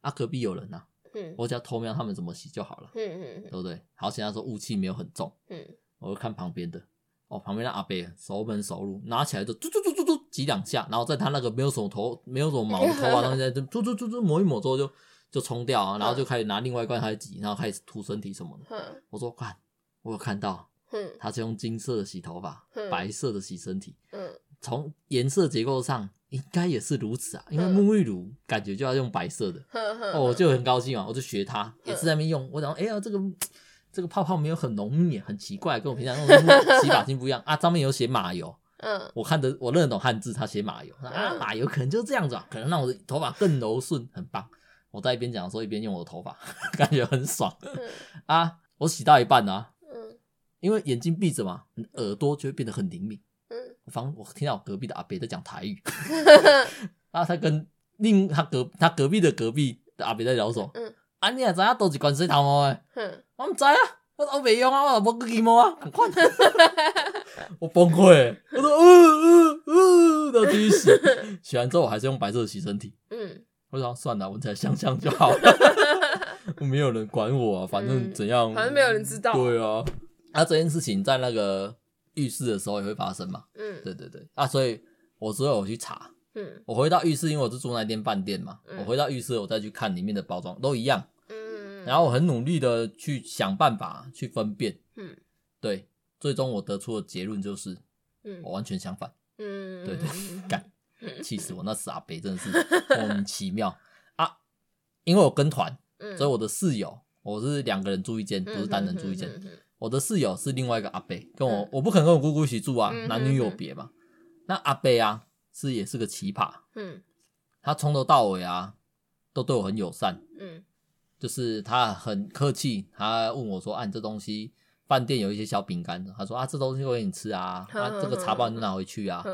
Speaker 1: 啊，隔壁有人吶、啊，嗯，我只要偷瞄他們怎麼洗就好了，嗯嗯對不對？好，現在說霧氣沒有很重，嗯，我就看旁邊的，哦，旁邊的阿伯熟門熟路，拿起來就嘟嘟嘟嘟嘟擠兩下，然後在他那個沒有什麼頭沒有什麼毛頭啊，東西就嘟嘟嘟嘟抹一抹之後就就沖掉啊，然後就開始拿另外一罐開始擠，然後開始塗身體什麼的。嗯、我說看，我有看到，嗯，他是用金色的洗頭髮，嗯、白色的洗身體，嗯。嗯從顏色結構上應該也是如此啊，因為沐浴乳感覺就要用白色的，哦，我就很高興嘛，我就學它，也是在那邊用，我講，哎呀，這個這個泡泡沒有很濃密，很奇怪，跟我平常用的洗髮精不一樣啊。上面有寫馬油，嗯，我看的，我認得懂漢字，它寫馬油。啊，馬油可能就是這樣子啊，可能讓我的頭髮更柔順，很棒。我在一邊講的時候，一邊用我的頭髮，感覺很爽啊。我洗到一半呢，嗯，因為眼睛閉着嘛，耳朵就會變得很靈敏。房，我聽到我隔壁的阿伯在講台語，然後 他跟另他隔他隔壁的隔壁的阿伯在聊說，嗯，啊，你也知樣都是關水頭毛，嗯，我唔知啊，我我未用啊，我老冇給雞毛啊，快 我崩潰，我說，嗯嗯嗯，繼、呃、續、呃呃、洗，洗完之後我還是用白色的洗身體，
Speaker 3: 嗯，
Speaker 1: 我就說算了，聞起來香香就好了，我 沒有人管我，啊，反正怎樣、嗯，反正沒有人知道，對啊，啊，這件事情在那個。浴室的時候也會發生嘛？對對對，啊，所以我之後我去查，
Speaker 3: 我回到浴
Speaker 1: 室，因為我是住那間飯店嘛，我回到浴室，我再去看裡面的包裝都一樣，然後我很努力的去想辦法去分辨，對，最終我得出的結論就是，我完全相反，
Speaker 3: 對對，幹，氣
Speaker 1: 死我那傻逼真的是莫名其妙啊，因為我跟團，所以我的室友，我是兩個人住一間，不是單人住一間。我的室友是另外一個阿伯，跟我我不可能跟我姑姑一起住啊，男女有別嘛。那阿伯啊，是也是個奇葩，嗯，他從頭到尾啊都對我很友善，嗯，就是他很客氣，他問我說，哎，這東西飯店有一些小餅乾，他說啊，這東西我給你吃啊，啊，這個茶包你拿回去啊，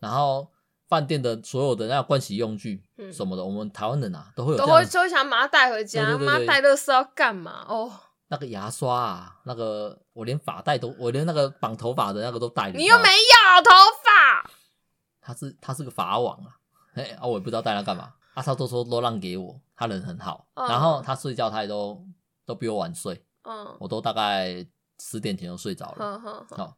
Speaker 1: 然後飯店的所有的那個盥洗用具什麼的，我們台灣人啊都會有，都會就
Speaker 2: 想把它帶回家，媽帶樂事要幹嘛哦？
Speaker 1: 那個牙刷啊，那個我連髮帶都，我連那個綁頭髮的那個都帶。你又沒
Speaker 2: 有頭髮？
Speaker 1: 他是他是個髮網啊，哎啊我也不知道帶他幹嘛。阿超都說都讓給我，他人很好。嗯、然後他睡覺他也都都比我晚睡，嗯，我都大概十點前就睡着
Speaker 3: 了。好，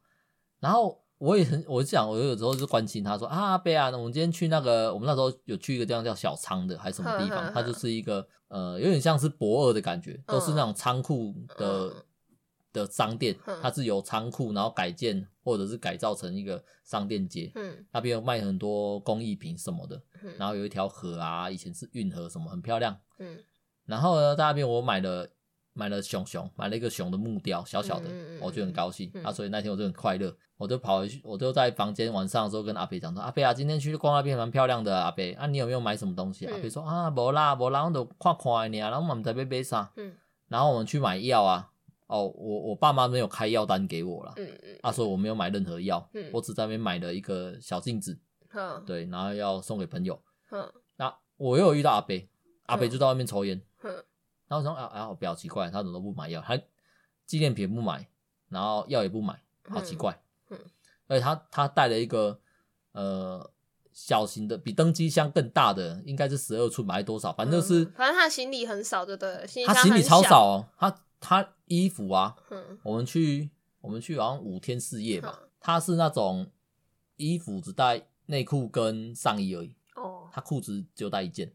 Speaker 1: 然後。我也很，我想，我有時候就關心他說啊，貝啊，我們今天去那個，我們那時候有去一個地方叫小倉的，還是什麼地方？呵呵呵它就是一個呃，有點像是駁二的感覺，都是那種倉庫的、嗯、的商店，它是由倉庫，然後改建或者是改造成一個商店街。嗯，那邊有賣很多工藝品什麼的。嗯，然後有一條河啊，以前是運河什麼，很漂亮。嗯，然後呢，在那邊我買了。買了熊熊，買了一個熊的木雕，小小的，我就很高興啊，所以那天我就很快樂，我就跑回去，我就在房間，晚上的時候跟阿北講說，阿北啊，今天去逛那邊蠻漂亮的，阿北，啊你有沒有買什麼東西？阿北說啊，無啦，無啦，我都看看而已啊，然後我們在那邊買啥？然後我們去買藥啊，哦，我我爸媽沒有開藥單給我啦，嗯嗯，啊，所以我沒有買任何藥，我只在那邊買了一個小鏡子，對，然後要送給朋友，
Speaker 3: 哼，
Speaker 1: 那我又遇到阿北，阿北就在外面抽菸，哼。然後我說，哎、啊、哎、啊，比較奇怪，他怎麼都不買藥，還紀念品不買，然後藥也不買，好奇怪。
Speaker 3: 嗯，
Speaker 1: 而、嗯、且他他帶了一個呃小型的，比登機箱更大的，應該是十二寸，買多少？反正就是、嗯，
Speaker 2: 反正他行李很少，對不對？行他，他行李超少，
Speaker 1: 哦。他他衣服啊，嗯，我們去我們去好像五天四夜吧，嗯、他是那種衣服只帶內褲跟上衣而已，哦，他褲子就帶一件。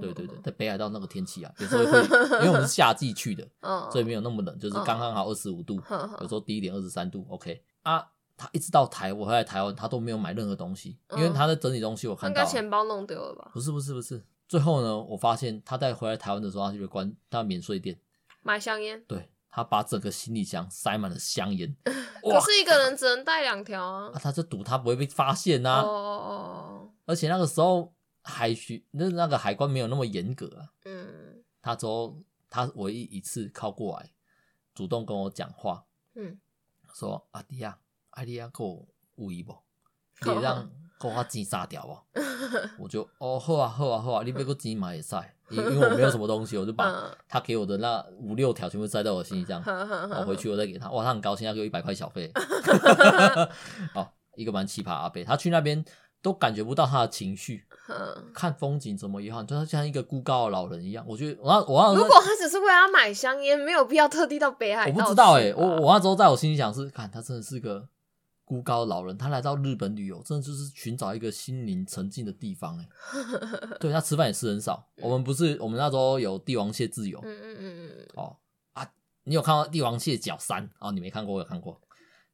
Speaker 1: 對對對，在北海道那個天氣啊，有時候會，因為我們是夏季去的， 哦、所以沒有那麼冷，就是剛剛好二十五度，哦、有時候低一點二十三度。OK，啊，他一直到台，我回來台灣，他都沒有買任何東西，因為他在整理東西，我看到、啊、應該錢
Speaker 2: 包弄丟了吧？
Speaker 1: 不是不是不是，最後呢，我發現他在回來台灣的時候，他就會關他免稅店買香菸，對他把整個行李箱塞滿了香菸，
Speaker 2: 哇可是一個人只能帶兩條啊，啊
Speaker 1: 他就賭他不會被發現吶、啊，哦哦，哦哦，而且那個時候。海巡那那個海關沒有那麼嚴格啊，嗯，他說他唯一一次靠過來主動跟我講話，嗯，說阿弟啊，阿弟啊，給、啊啊、 我五億不？可以讓給我幾殺掉哦？我就哦好啊好啊好啊，你別給我幾馬也塞，因 因為我沒有什麼東西，我就把他給我的那五六條全部塞到我心這樣我、 哦、回去我再給他，哇，他很高興，他給我一百塊小費，哦， 一個蠻奇葩阿伯，他去那邊。都感覺不到他的情緒，呵看風景怎麼遺憾。就是像一個孤高的老人一樣。我覺得，我我如果他
Speaker 2: 只是為了買香煙，沒有必要特地到北海。我不知道哎、欸，
Speaker 1: 我我那時候在我心裡想是，看他真的是一個孤高的老人，他來到日本旅遊，真的就是尋找一個心靈沉靜的地方哎、欸。呵呵呵對，他吃飯也吃很少，我們不是我們那時候有帝王蟹自由，嗯嗯嗯嗯哦啊，你有看到帝王蟹腳山啊？你沒看過，我有看過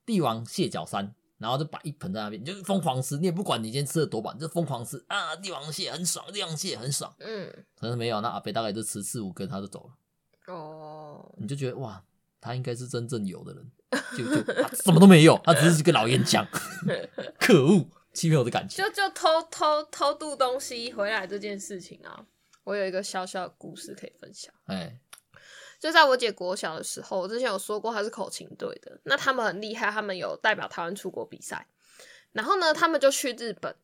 Speaker 1: 帝王蟹腳山。然後就把一盆在那邊，你就瘋狂吃，你也不管你今天吃了多飽，你就瘋狂吃啊！帝王蟹很爽，帝王蟹很爽，很爽，嗯，可是沒有，那阿伯大概就吃四五根，他就走了。哦，你就覺得哇，他應該是真正有的人，就就他什麼都沒有，他只是個老煙槍， 可惡，欺騙我的感情。
Speaker 2: 就就偷偷偷渡東西回來這件事情啊，我有一個小小的故事可以分享。哎、欸。就在我姐國小的時候，我之前有說過她是口琴隊的。那他們很厲害，他們有代表台灣出國比賽。然後呢，他們就去日本。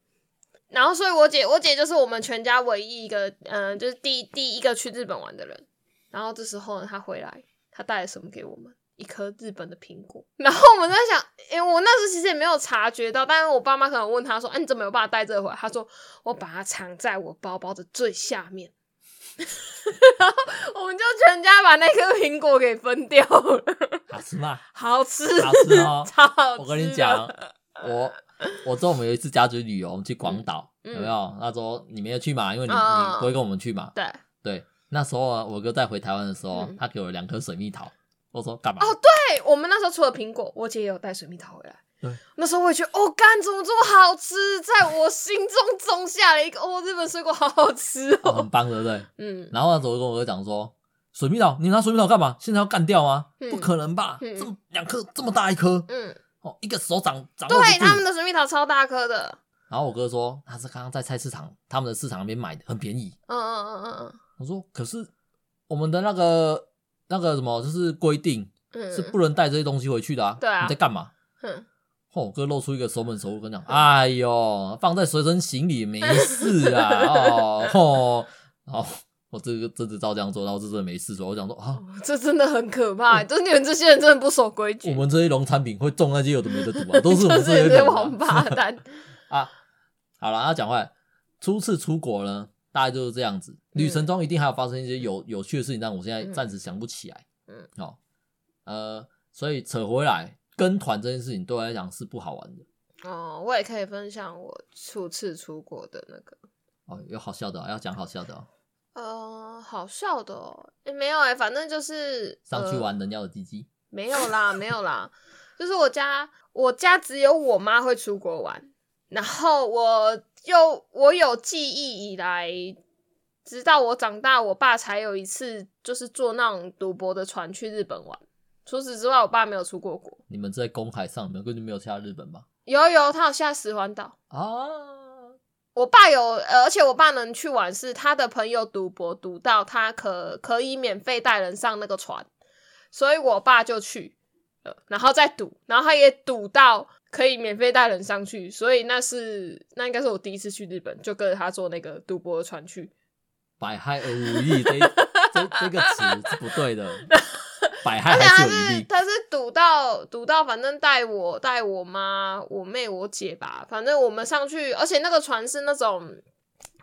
Speaker 2: 然後，所以我姐，我姐就是我們全家唯一一個，嗯、呃，就是第一第一個去日本玩的人。然後這時候呢，她回來，她帶了什麼給我們？一顆日本的蘋果。然後我們在想，誒、欸，我那時其實也沒有察覺到，但是我爸媽可能問她說：“哎、啊，你怎麼有辦法帶這回來？”她說：“我把它藏在我包包的最下面。” 然後我們就全家把那顆蘋果給分掉了，
Speaker 1: 好吃嗎？
Speaker 2: 好吃，好吃哦、喔，超好吃！我跟你講，
Speaker 1: 我我做我們有一次家族旅遊去廣島，嗯、有沒有？嗯、那時候你沒有去嘛，因為你、哦、你不會跟我們去嘛。對對，那時候我哥在回台灣的時候，嗯、他給我兩顆水蜜桃。我說幹嘛？哦，
Speaker 2: 對我們那時候除了蘋果，我姐也有帶水蜜桃回來。對。那時候我也覺得，哦，幹，怎麼這麼好吃？在我心中種下了一個，哦，日本水果好好吃
Speaker 1: 哦，很棒，對不對？嗯。然後那時候跟我哥講說，水蜜桃，你拿水蜜桃幹嘛？現在要幹掉嗎？不可能吧，
Speaker 2: 這兩顆這麼大一顆，嗯，哦，
Speaker 1: 一個手掌掌大。對，他們
Speaker 2: 的水蜜桃超大顆的。
Speaker 1: 然後我哥說，他是剛剛在菜市場，他們的市場那邊買的，很便宜。嗯嗯嗯嗯嗯。我說，可是我們的那個那個什麼，就是規定，嗯，是不能帶這些東西回去的啊。對啊。你在幹嘛？嗯。我哥、哦、露出一個熟門熟路，我跟你講，哎呦，放在隨身行李沒事啦 哦。哦，哦，我這個真的照這樣做，然後這真的沒事做。所以我講說啊，
Speaker 2: 這真的很可怕，欸，哦、就是你們這些人真的不守規矩。我
Speaker 1: 們這些農產品會種那些有的沒得毒啊，都是我們這些、啊、 王八蛋。 啊。好啦啊，講了，然後講回來，初次出國呢，大概就是這樣子。嗯、旅程中一定還有發生一些有有趣的事情，但我現在暫時想不起來。嗯，好、哦，呃，所以扯回來。跟團這件事情對我來講是不好玩的。
Speaker 2: 哦，我也可以分享我初次出國的那個。
Speaker 1: 哦，有好笑的、啊、要講好笑的、啊。哦、呃。嗯
Speaker 2: 好笑的，哦，哎，沒有哎、欸，反正就是上去玩的、呃、尿的雞雞。沒有啦，沒有啦， 就是我家，我家只有我媽會出國玩，然後我又我有記憶以來，直到我長大，我爸才有一次就是坐那種賭博的船去日本玩。除此之外，我爸沒有出過國。
Speaker 1: 你們在公海上，根本就沒有下日本吧？
Speaker 2: 有有，他有下石環島。啊，我爸有，而且我爸能去玩是他的朋友賭博賭到他可可以免費帶人上那個船，所以我爸就去，嗯，然後再賭，然後他也賭到可以免費帶人上去，所以那是，那應該是我第一次去日本，就跟着他坐那個賭博的船去。
Speaker 1: 百害而無益，這 這這，這個詞是不對的。 還還是，而且
Speaker 2: 他是他是賭到賭到，到反正帶我帶我媽我妹我姐吧，反正我們上去，而且那個船是那種，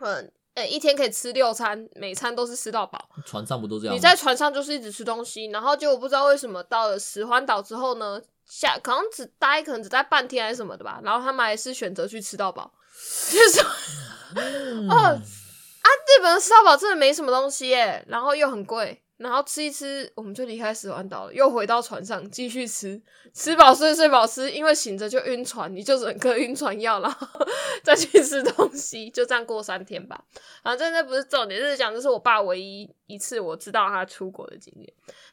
Speaker 2: 嗯、呃、誒、欸，一天可以吃六餐，每餐都是吃到飽。
Speaker 1: 船上不都是這樣？你在
Speaker 2: 船上就是一直吃東西，然後結果不知道為什麼到了石垣島之後呢，下可能只待可能只待半天還是什麼的吧，然後他們還是選擇去吃到飽。就是、嗯、哦啊，日本的吃到飽真的沒什麼東西耶、欸，然後又很貴。然後吃一吃，我們就離開石灣島了，又回到船上繼續吃，吃飽睡，睡飽吃，因為醒着就暈船，你就整顆暈船藥，然後再去吃東西，就這樣過三天吧。然後真的不是重點，就是講這是我爸唯一一次我知道他出國的經驗。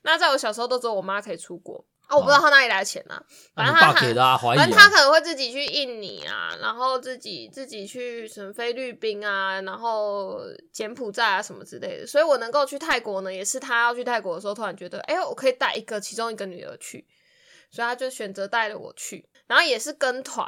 Speaker 2: 那在我小時候，都只有我媽可以出國。啊、哦，我不知道他哪裡來的錢呢，啊、反正
Speaker 1: 他,、啊、他反正他
Speaker 2: 可能會自己去印尼啊，啊然後自己自己去什麼菲律賓啊,啊，然後柬埔寨啊什麼之類的。所以我能夠去泰國呢，也是他要去泰國的時候，突然覺得，哎、欸，我可以帶一個其中一個女兒去，所以他就選擇帶了我去，然後也是跟團，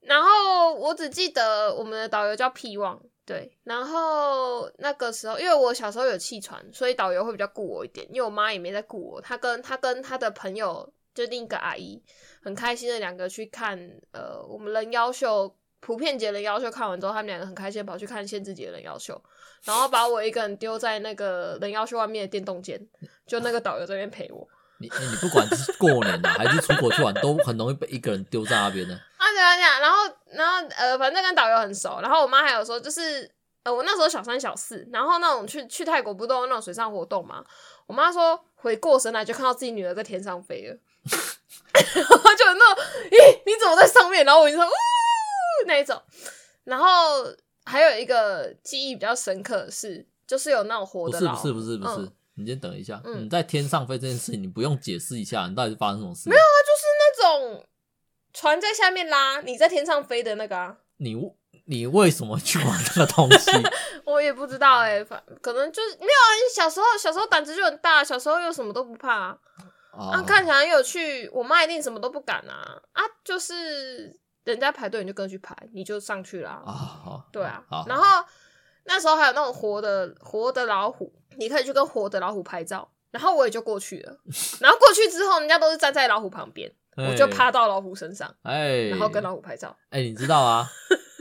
Speaker 2: 然後我只記得我們的導遊叫 P 旺。1, 對，然後那個時候，因為我小時候有氣喘，所以導遊會比較顧我一點。因為我媽也沒在顧我，她跟她跟她的朋友就另一個阿姨很開心的兩個去看呃，我們人妖秀，普遍級人妖秀看完之後，他們兩個很開心跑去看限制級的人妖秀，然後把我一個人丟在那個人妖秀外面的電動間，就那個導遊這邊陪我。
Speaker 1: 你、欸、你不管是過年嘛， 還是出國去玩，都很容易被一個人丟在那邊的、
Speaker 2: 啊。啊對啊，然後。然後呃，反正跟導遊很熟。然後我媽還有說，就是呃，我那時候小三小四，然後那種去去泰國不都有那種水上活動嘛？我媽說回過神來就看到自己女兒在天上飛了， 就那種，咦你怎麼在上面？然後我就說嗚那一種。然後還有一個記憶比較深刻是，就是有那種活的，不是不是不是不是，
Speaker 1: 嗯、你先等一下，嗯、你在天上飛這件事情你不用解釋一下，你到底是發生什麼事？沒
Speaker 2: 有啊，就是那種。船在下面拉，你在天上飛的那個。啊。
Speaker 1: 你你為什麼去玩那個東西？
Speaker 2: 我也不知道哎、欸，反正可能就是沒有、啊。你小時候小時候膽子就很大，小時候又什麼都不怕啊，oh. 啊看起來很有趣。我媽一定什麼都不敢啊。啊，就是人家排隊你就跟去排，你就上去啦啊。Oh. 對啊，oh. 然後那時候還有那種活的活的老虎，你可以去跟活的老虎拍照。然後我也就過去了，然後過去之後，人家都是站在老虎旁邊。我就趴到老虎身上，
Speaker 1: 哎，Hey, 然後跟老虎拍照。哎，hey, 你知道啊，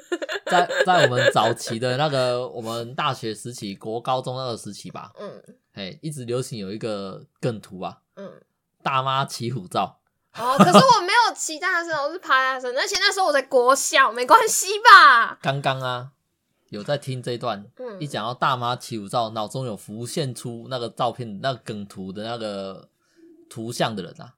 Speaker 1: 在在我們早期的那個，我們大學時期、 國高中那個時期吧，嗯，哎，hey, 一直流行有一個梗圖啊，嗯，大媽騎虎照。
Speaker 2: 哦，可是我沒有騎大它，我是趴下身。 而且那時候我在國小，沒關係吧？
Speaker 1: 剛剛啊，有在聽這一段，嗯、一講到大媽騎虎照，腦中有浮現出那個照片、那個梗圖的那個圖像的人啊。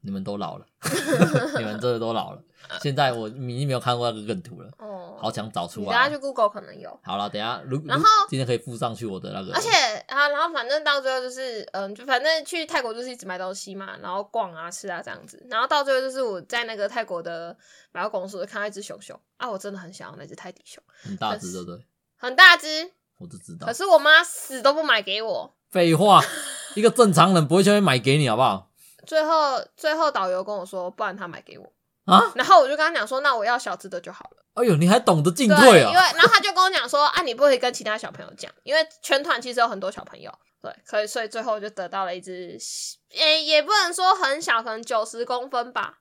Speaker 1: 你們都老了， 你們真的都老了。 現在我明明沒有看過那個梗圖了，好想找出來、嗯。等一下
Speaker 2: 去 Google 可能有。
Speaker 1: 好了，等一下如然後今天可以附上去我的那個。而且
Speaker 2: 啊，然後反正到最後就是，嗯，就反正去泰國就是一直買東西嘛，然後逛啊、吃啊這樣子。然後到最後就是我在那個泰國的百貨公司我就看到一只熊熊啊，我真的很想要那只泰迪熊
Speaker 1: 很，很大只對不對。
Speaker 2: 很大只，我只知道。可是我媽死都不買給我。
Speaker 1: 廢話，一個正常人不會去買給你，好不好？
Speaker 2: 最後，最後導遊跟我說，不然他買給我啊，然後我就跟他講說，那我要小隻的就好了。
Speaker 1: 哎呦，你還懂得進退啊！因為，
Speaker 2: 然後他就跟我講說， 啊，你不可以跟其他小朋友講，因為全團其實有很多小朋友，對，所以，所以最後就得到了一隻，誒、欸，也不能說很小，可能九十公分吧，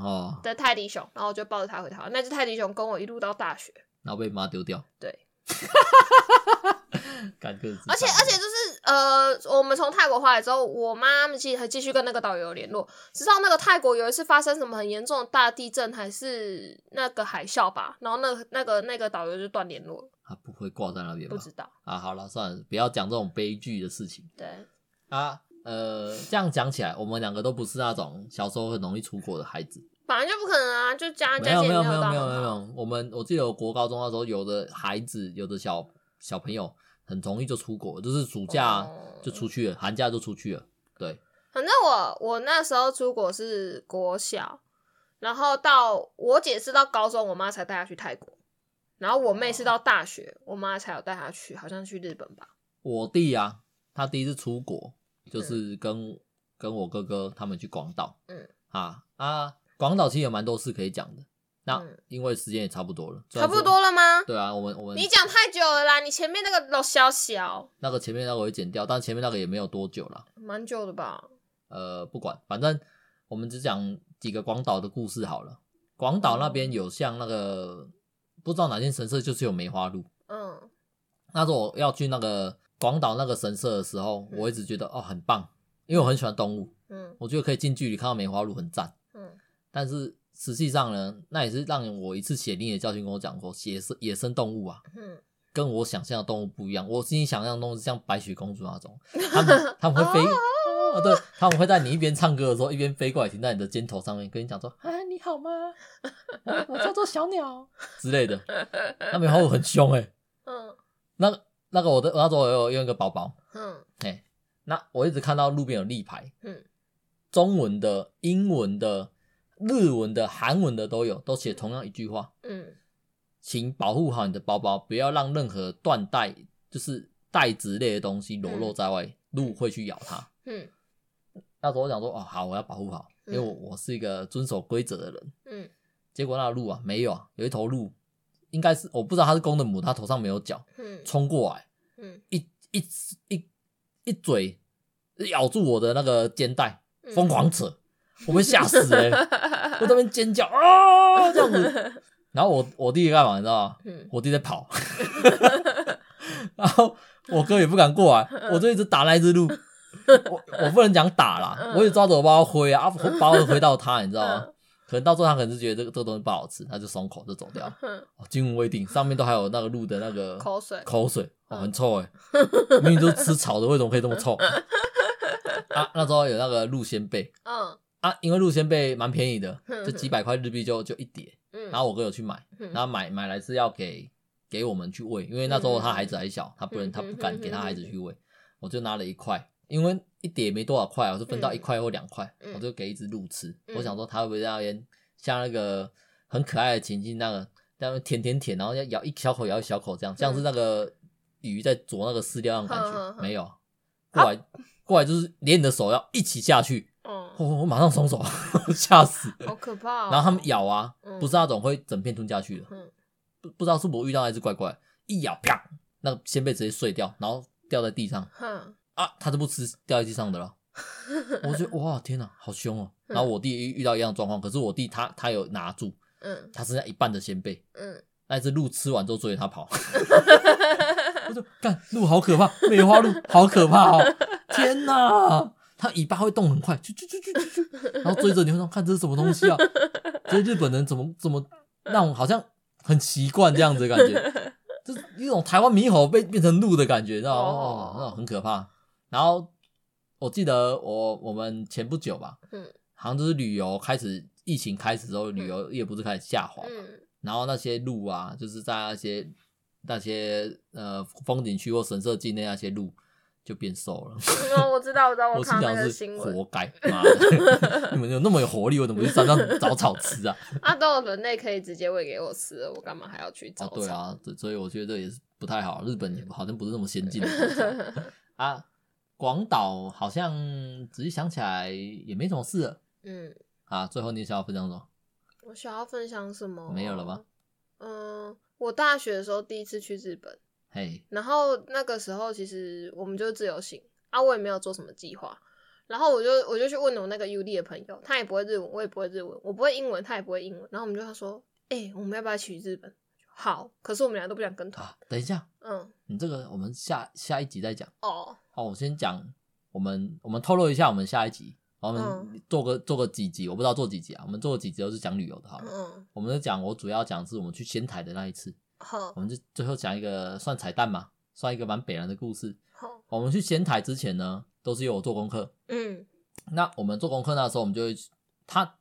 Speaker 2: 哦，的泰迪熊，然後我就抱着它回台灣。那隻泰迪熊跟我一路到大學，
Speaker 1: 然後被媽丟掉。對。 感覺，而且
Speaker 2: 而且就是呃，我們從泰國回來之後，我媽們繼還繼續跟那個導遊聯絡，直到那個泰國有一次發生什麼很嚴重的大地震還是那個海嘯吧，然後那個，那個那個導遊就斷聯絡
Speaker 1: 他，啊、不會掛在那邊吧？不知道啊，好了算了，不要講這種悲劇的事情。對啊，呃，這樣講起來，我們兩個都不是那種小時候很容易出國的孩子，
Speaker 2: 本來就不可能啊，就加沒有沒有沒有沒有
Speaker 1: 沒有，我們我記得我國高中的時候有，有的孩子有的小小朋友。很容易就出國，就是暑假就出去了，oh. 寒假就出去了，對。
Speaker 2: 反正我我那時候出國是國小，然後到我姐是到高中，我媽才帶她去泰國，然後我妹是到大學，oh. 我媽才有帶她去，好像去
Speaker 1: 日本吧。我弟啊，他第一次出國就是跟、嗯、跟我哥哥他們去廣島，嗯，啊啊，廣島其實有蠻多事可以講的。那、嗯、因為時間也差不多了，差不多了嗎？對啊，我們我們你講
Speaker 2: 太久了啦！你前面那個老小小，
Speaker 1: 那個前面那個我會剪掉，但前面那個也沒有多久了，
Speaker 2: 蠻久的吧？
Speaker 1: 呃，不管，反正我們只講幾個廣島的故事好了。廣島那邊有像那個、嗯、不知道哪間神社，就是有梅花鹿。嗯，那時候我要去那個廣島那個神社的時候，嗯、我一直覺得哦很棒，因為我很喜歡動物。嗯，我覺得可以近距離看到梅花鹿很讚，很
Speaker 3: 讚。
Speaker 1: 嗯，但是。實際上呢，那也是讓我一次血淋淋的教訓。跟我講過，寫生野生動物啊，跟我想象的動物不一樣。我心裡想象的動物是像白雪公主那種，他們他們會飛、啊啊，對，他們會在你一邊唱歌的時候一邊飛過來，停在你的肩頭上面，跟你講說：“
Speaker 3: 啊，你好嗎？我，我叫做
Speaker 1: 小鳥之類的。那欸”那邊動物很凶誒。嗯，那那個我的我那時候我有用一個寶寶，嗯，哎，那我一直看到路邊有立牌，嗯，中文的、英文的。日文的、韓文的都有，都寫同樣一句話。嗯，請保護好你的包包，不要讓任何緞帶，就是帶子類的東西裸露在外，鹿、嗯、會去咬它。嗯，那時候我想說，哦，好，我要保護好，因為我是一個遵守規則的人。嗯，結果那鹿啊，沒有啊，有一頭鹿，應該是，我不知道它是公的母，它頭上沒有角。嗯，衝過來，嗯，一一一一嘴咬住我的那個肩帶，瘋狂扯。我被嚇死嘞、欸！我在那邊尖叫啊，這樣子。然後我我弟弟幹嘛？你知道嗎？嗯、我弟弟在跑。嗯、 然後我哥也不敢過來，我就一直打那一隻鹿。我我不能講打啦，我也抓着我爸爸揮啊，我把我揮、啊、到他，你知道嗎？嗯、可能到時候他可能是覺得這個這東西不好吃，他就鬆口就走掉。嗯。驚魂未定，上面都還有那個鹿的那個口水口水，哦、很臭哎、欸！嗯、明明都是吃草的，為什麼可以這麼臭？啊！那時候有那個鹿仙貝。嗯啊，因為鹿仙貝蠻便宜的，這幾百塊日幣就就一疊，然後我哥有去買，然後買買來是要給給我們去餵，因為那時候他孩子還小，他不能他不敢給他孩子去餵。我就拿了一塊，因為一疊沒多少塊，我就分到一塊或兩塊，嗯、我就給一只鹿吃。我想說，它會不會在那邊像那個很可愛的情景，那個在那邊舔舔舔，然後要咬一小口，咬一小口這樣，像是那個魚在啄那個飼料那種感覺？沒有，過來、啊、過來就是連你的手要一起下去。我、哦、我馬上鬆手嚇死了，好可怕、哦！然後他們咬啊，不是那種會整片吞下去的，嗯、不,不知道是我遇到那只怪怪，一咬啪，那個仙貝直接碎掉，然後掉在地上。嗯、啊，他都不吃掉在地上的了。
Speaker 3: 我覺得
Speaker 1: 哇，天哪，好凶哦、啊！嗯、然後我弟遇到一樣的狀況，可是我弟他他有拿住，嗯、他剩下一半的仙貝，嗯、那只鹿吃完之後追著他跑， 我就幹鹿好可怕，梅花鹿好可怕哦，天哪！它尾巴會動很快，啾啾啾啾啾，
Speaker 3: 然後追着你，
Speaker 1: 說看這是什麼東西啊？這日本人怎麼怎麼那種好像很奇怪，這樣子的感覺，就是一種台灣獼猴被變成鹿的感覺，知道嗎？那、哦、種、哦、很可怕。然後我記得我我們前不久吧，嗯，好像就是旅遊開始疫情開始之後，旅遊業不是開始下滑嘛？然後那些鹿啊，就是在那些那些呃風景區或神社境內那些鹿。就變瘦了。
Speaker 2: 哦、嗯，我知道，我知道，我看了那個新聞，活
Speaker 1: 該！ 你們有那麼有活力，我怎麼會山上找草吃啊？
Speaker 2: 啊，都有人類可以直接餵給我吃了，我幹嘛還要去找草？啊，對啊
Speaker 1: 對，所以我覺得這也是不太好。日本也好像不是那麼先進對啊，廣島好像仔細想起來也沒什麼事了。嗯，啊，最後你想要分享什麼？
Speaker 2: 我想要分享什麼？沒有了吧？嗯，我大學的時候第一次去日本。 然後那個時候，其實我們就是自由行，啊我也沒有做什麼計劃，然後我就我就去問我那個 U D 的朋友，他也不會日文，我也不會日文，我不會英文，他也不會英文，然後我們就他說，哎、欸，我們要不要去日本？好，可是我們倆都不想跟團，
Speaker 1: 啊。等一下，嗯，你這個我們下下一集再講。哦，好，我先講我們我們透露一下我們下一集，然後我們做個、嗯、做個幾集，我不知道做幾集啊，我們做個幾集都是講旅遊的好了，好，嗯，我們就講，我主要講是我們去仙台的那一次。好，我們就最後講一個算彩蛋嘛，算一個蠻北南的故事。好，我們去仙台之前呢，都是由我做功課。嗯，那我們做功課那時候，我們就會他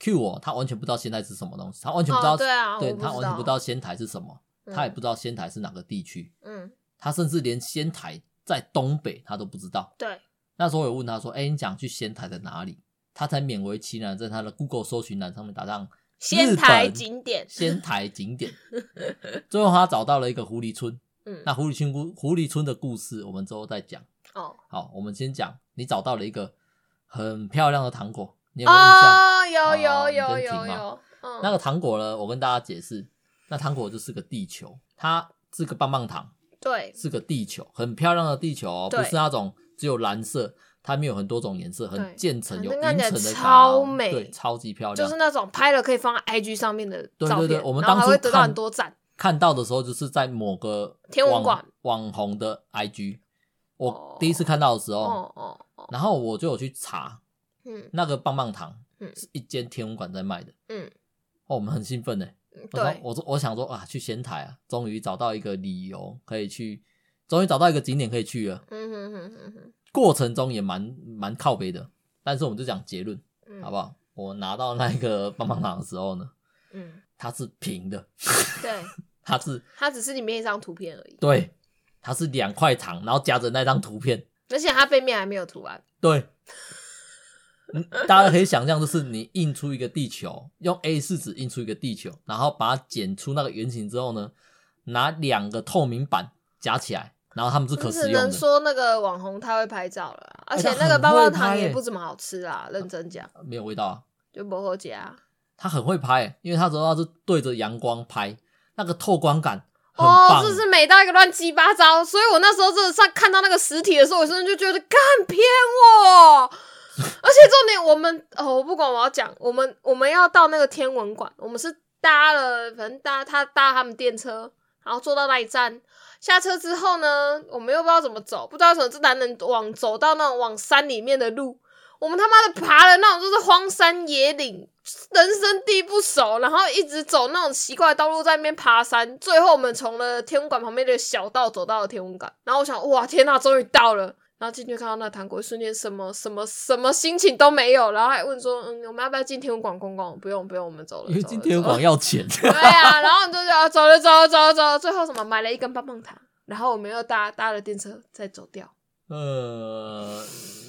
Speaker 1: cue 我，他完全不知道仙台是什麼東西，他完全不知道，哦、對啊，對他完全不知道仙台是什麼，嗯、他也不知道仙台是哪個地區。嗯，他甚至連仙台在東北他都不知道。對，那時候我問他說：“哎、欸，你講去仙台在哪裡？”他才勉為其難在他的 Google 搜尋欄上面打上。仙台景點，仙台景點， 最後他找到了一個狐狸村。嗯，那狐狸村狐、狐狸村的故事，我們之後再講。哦，好，我們先講，你找到了一個很漂亮的糖果，你有沒有印
Speaker 2: 象？有有有有有。有有哦，
Speaker 1: 那個糖果呢？我跟大家解釋，那糖果就是個地球，它是個棒棒糖，對，是個地球，很漂亮的地球哦，不是那種只有藍色。它面有很多種顏色，很漸層，有雲層的超美，超級漂亮，就是
Speaker 2: 那種拍了可以放在 I G 上面的照片。對對對，我們當時看到很多贊
Speaker 1: 看到的時候就是在某個天文館網紅的 I G，我第一次看到的時候，然後我就有去查，那個棒棒糖，是一間天文館在賣的，哦，我們很興奮呢，我說我想說啊，去仙台啊，終於找到一個理由可以去，終於找到一個景點可以去了，嗯哼哼哼哼。過程中也蠻蠻靠北的，但是我們就講結論，嗯，好不好？我拿到那個棒棒糖的時候呢，嗯，它是平的，對， 它是，
Speaker 2: 它只是裡面一張圖片而已，
Speaker 1: 對，它是兩塊糖，然後夾着那張圖片，
Speaker 2: 而且它背面還沒有塗完，
Speaker 1: 對，嗯， 大家可以想象，就是你印出一個地球，用 A4 紙印出一個地球，然後把它剪出那個圓形之後呢，拿兩個透明板夾起來。然後他們是可的，只能說
Speaker 2: 那個網紅太會拍照了，啊，而且那個棒棒糖也不怎麼好吃啊，欸、認真講，沒有味道啊，就不好吃啊。
Speaker 1: 他很會拍，因為他主要是對着陽光拍，那個透光感，哦，就是
Speaker 2: 美到一個亂七八糟。所以我那時候真的在看到那個實體的時候，我真的就覺得幹騙我。 而且重點，我們哦，我不管，我要講，我們我們要到那個天文館，我們是搭了，反正搭他搭他們電車，然後坐到那一站。下車之後呢，我們又不知道怎麼走，不知道什麼。這男人往走到那種往山裡面的路，我們他媽的爬了那種就是荒山野嶺，人生地不熟，然後一直走那種奇怪的道路在那邊爬山。最後我們從了天文館旁邊的小道走到了天文館。然後我想，哇，天哪、啊，終於到了！然後進去看到那糖果，瞬間什麼什麼什麼心情都沒有。然後還問說，嗯，我們要不要進天文館逛逛？不用不用，我們走了。走了，因為進天文館
Speaker 1: 要錢。吧 對
Speaker 2: 呀、啊，然後你就。對啊，走了走了走了走了，最後什麼買了一根棒棒糖，然後我們又搭搭了電車再走掉。
Speaker 1: 呃，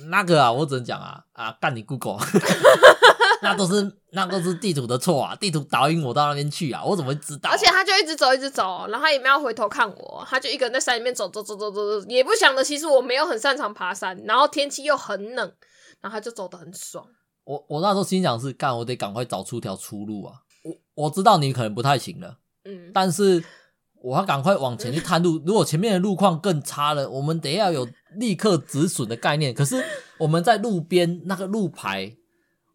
Speaker 1: 那個啊，我只能講啊？啊，幹你 Google， 那都是那都是地圖的錯啊！地圖導引我到那邊去啊，我怎麼會知道啊？而且
Speaker 2: 他就一直走，一直走，然後他也沒有回頭看我，他就一個人在山裡面走走走走走走，也不想的。其實我沒有很擅長爬山，然後天氣又很冷，然後他就走得很
Speaker 1: 爽。我我那時候心想是幹，我得趕快找出條出路啊！我我知道你可能不太行了。但是我要趕快往前去探路，如果前面的路況更差了，我們得要有立刻止損的概念。可是我們在路邊那個路牌，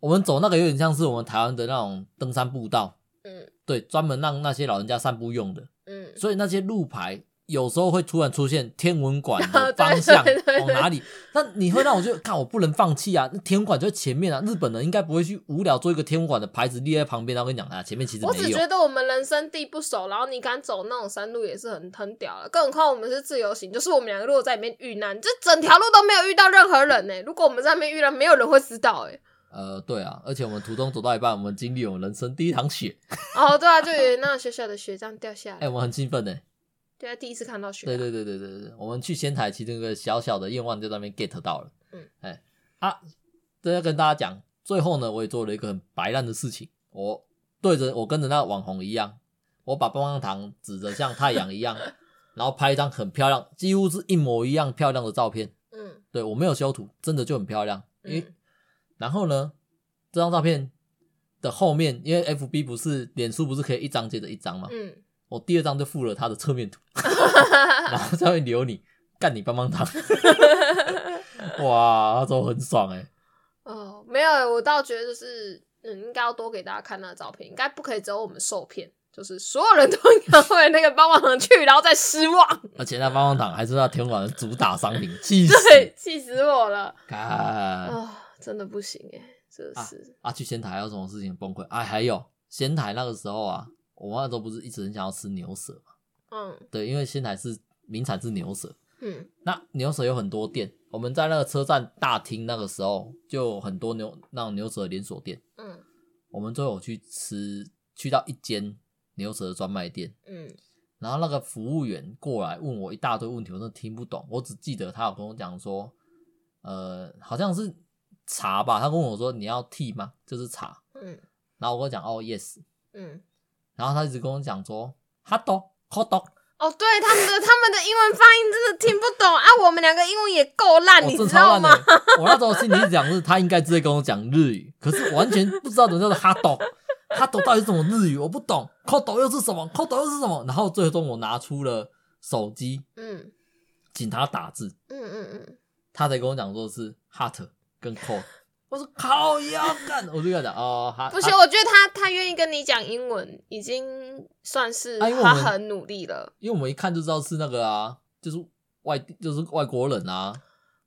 Speaker 1: 我們走那個有點像是我們台灣的那種登山步道，嗯，對，專門讓那些老人家散步用的，嗯，所以那些路牌。有時候會突然出現天文館的方向， 對往哪裡？那你會讓我就看， 我不能放棄啊！那天文館就在前面啊！日本人應該不會去無聊做一個天文館的牌子立在旁邊，然後跟你講啊，前面其實沒有。我只覺
Speaker 2: 得我們人生地不熟，然後你敢走那種山路也是很很屌了，啊。更何況我們是自由行，就是我們兩個如果在裡面遇難，這整條路都沒有遇到任何人呢，欸。如果我們在那邊遇難，沒有人會知道哎。
Speaker 1: 呃，對啊，而且我們途中走到一半，我們經歷我們人生第一場雪。
Speaker 2: 哦 ，oh, 對啊，就有那小小的雪這樣掉下來。哎
Speaker 1: 欸，我們很興奮呢，欸。
Speaker 2: 現在第
Speaker 1: 一次看到雪、啊。對對對對對對，我們去仙台，其實一個小小的願望就在那邊 get 到了。嗯，哎啊，這要跟大家講，最後呢，我也做了一個很白爛的事情，我對着我跟着那個網紅一樣，我把棒棒糖指着像太陽一樣， 然後拍一張很漂亮，幾乎是一模一樣漂亮的照片。嗯，對，我沒有修圖，真的就很漂亮。嗯，然後呢，這張照片的後面，因為 FB 不是臉書不是可以一張接着一張嘛？嗯。我第二張就附了他的側面圖， 然後他會留你幹 你棒棒糖， 哇，都很爽哎、
Speaker 2: 欸。哦，沒有、欸，我倒覺得就是，嗯，應該要多給大家看那照片，應該不可以只有我們受騙，就是所有人都應該為那個棒棒糖去， 然後再失望。
Speaker 1: 而且那棒棒糖還是那天文館的主打商品，氣死，對，
Speaker 2: 氣死我了
Speaker 1: 啊！幹哦，
Speaker 2: 真的不行哎、
Speaker 1: 欸，真的是啊，啊，去仙台還有什麼事情崩潰？哎、啊，還有仙台那個時候啊。我那時候不是一直很想要吃牛舌嘛？嗯，對，因為仙台是名產是牛舌。嗯，那牛舌有很多店，我們在那個車站大廳那個時候就有很多牛那種牛舌連鎖店。嗯，我們都有去吃，去到一間牛舌專賣店。嗯，然後那個服務員過來問我一大堆問題，我都聽不懂，我只記得他有跟我講說，呃，好像是茶吧？他問我說你要 tea 嗎？就是茶。嗯，然後我講哦，yes。嗯。然後他一直跟我講說，哈多、ok、扣多。
Speaker 2: 哦，對，他們的他們的英文發音真的聽不懂 啊！我們兩個英文也夠爛，哦、你知道嗎？
Speaker 1: 超爛的，我那時候我心裡想是，他應該直接跟我講日語，可是完全不知道怎麼叫做哈多，哈多到底是什麼日語我不懂，扣多、ok、又是什麼，扣多、ok、又是什麼？然後最終我拿出了手機，嗯，請他打字，嗯嗯嗯，嗯嗯他才跟我講說是哈特跟扣。
Speaker 2: 我說好鴨幹，
Speaker 1: 我就跟他講哦，他不行，我覺
Speaker 2: 得他他願意跟你講英文，已經算是他他很努力了，啊因。因為
Speaker 1: 我們一看就知道是那個啊，就是外就是外國人啊。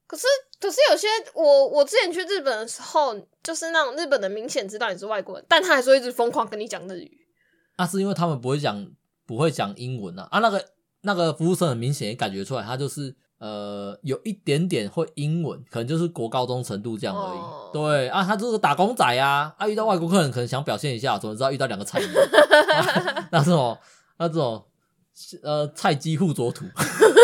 Speaker 2: 可是可是有些我我之前去日本的時候，就是那種日本的明顯知道你是外國人，但他還說一直瘋狂跟你講日語。
Speaker 1: 那、啊、是因為他們不會講不會講英文啊啊！那個那個服務生很明顯也感覺出來，他就是。呃，有一點點會英文，可能就是國高中程度這樣而已。Oh. 對啊，他就是打工仔呀，啊。啊，遇到外國客人，可能想表現一下，總之，知道遇到兩個菜雞、 啊，那種那種呃、啊，菜雞互啄圖，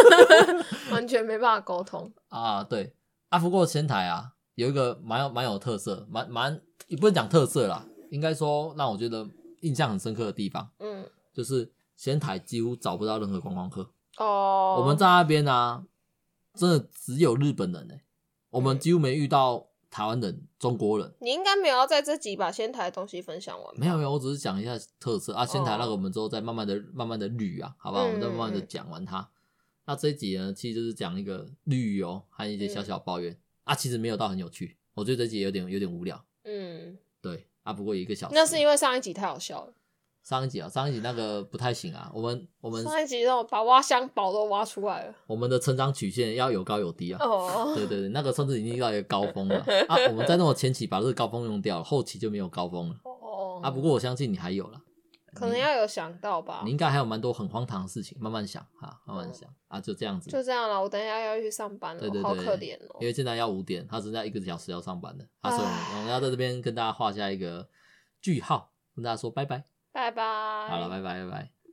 Speaker 2: 完全沒辦法溝通
Speaker 1: 啊。對，啊，不過仙台啊，有一個蠻有蠻有特色，蠻蠻也不能講特色啦，應該說讓我覺得印象很深刻的地方，嗯，就是仙台幾乎找不到任何觀光客
Speaker 3: 哦。Oh. 我們
Speaker 1: 在那邊呢，啊。真的只有日本人呢、欸，我們幾乎沒遇到台灣人、嗯、中國人。
Speaker 2: 你應該沒有要在這集把仙台的東西分享完
Speaker 1: 吧？沒有沒有，我只是講一下特色啊。仙台那個我們之後再慢慢的、哦、慢慢的捋啊，好吧，我們再慢慢的講完它。嗯、那這一集呢，其實就是講一個旅遊，還有一些小小抱怨、嗯、啊。其實沒有到很有趣，我覺得這集有點、有點無聊。嗯，對啊，不過一個小時，那
Speaker 2: 是因為上一集太好笑了。
Speaker 1: 上一集啊，上一集那個不太行啊。我們我們上
Speaker 2: 一集那種把挖箱寶都挖出來了。
Speaker 1: 我們的成長曲線要有高有低啊。哦。Oh. 對對對，那個甚至已經到一個高峰了 啊。我們在那種前期把這個高峰用掉了，後期就沒有高峰了。哦哦。啊，不過我相信你還有啦，
Speaker 2: 可能要有想到吧，嗯。你
Speaker 1: 應該還有蠻多很荒唐的事情，慢慢想哈，啊，慢慢想、oh. 啊，就這樣子。就
Speaker 2: 這樣了，我等一下要去上班了。對，對對對，好可憐
Speaker 1: 哦。因為現在要五點，他是在一個小時要上班的。Oh. 啊。所以我們、嗯、要在這邊跟大家畫下一個句號，跟大家說拜拜。
Speaker 2: 拜拜，好了，
Speaker 1: 拜拜，拜拜。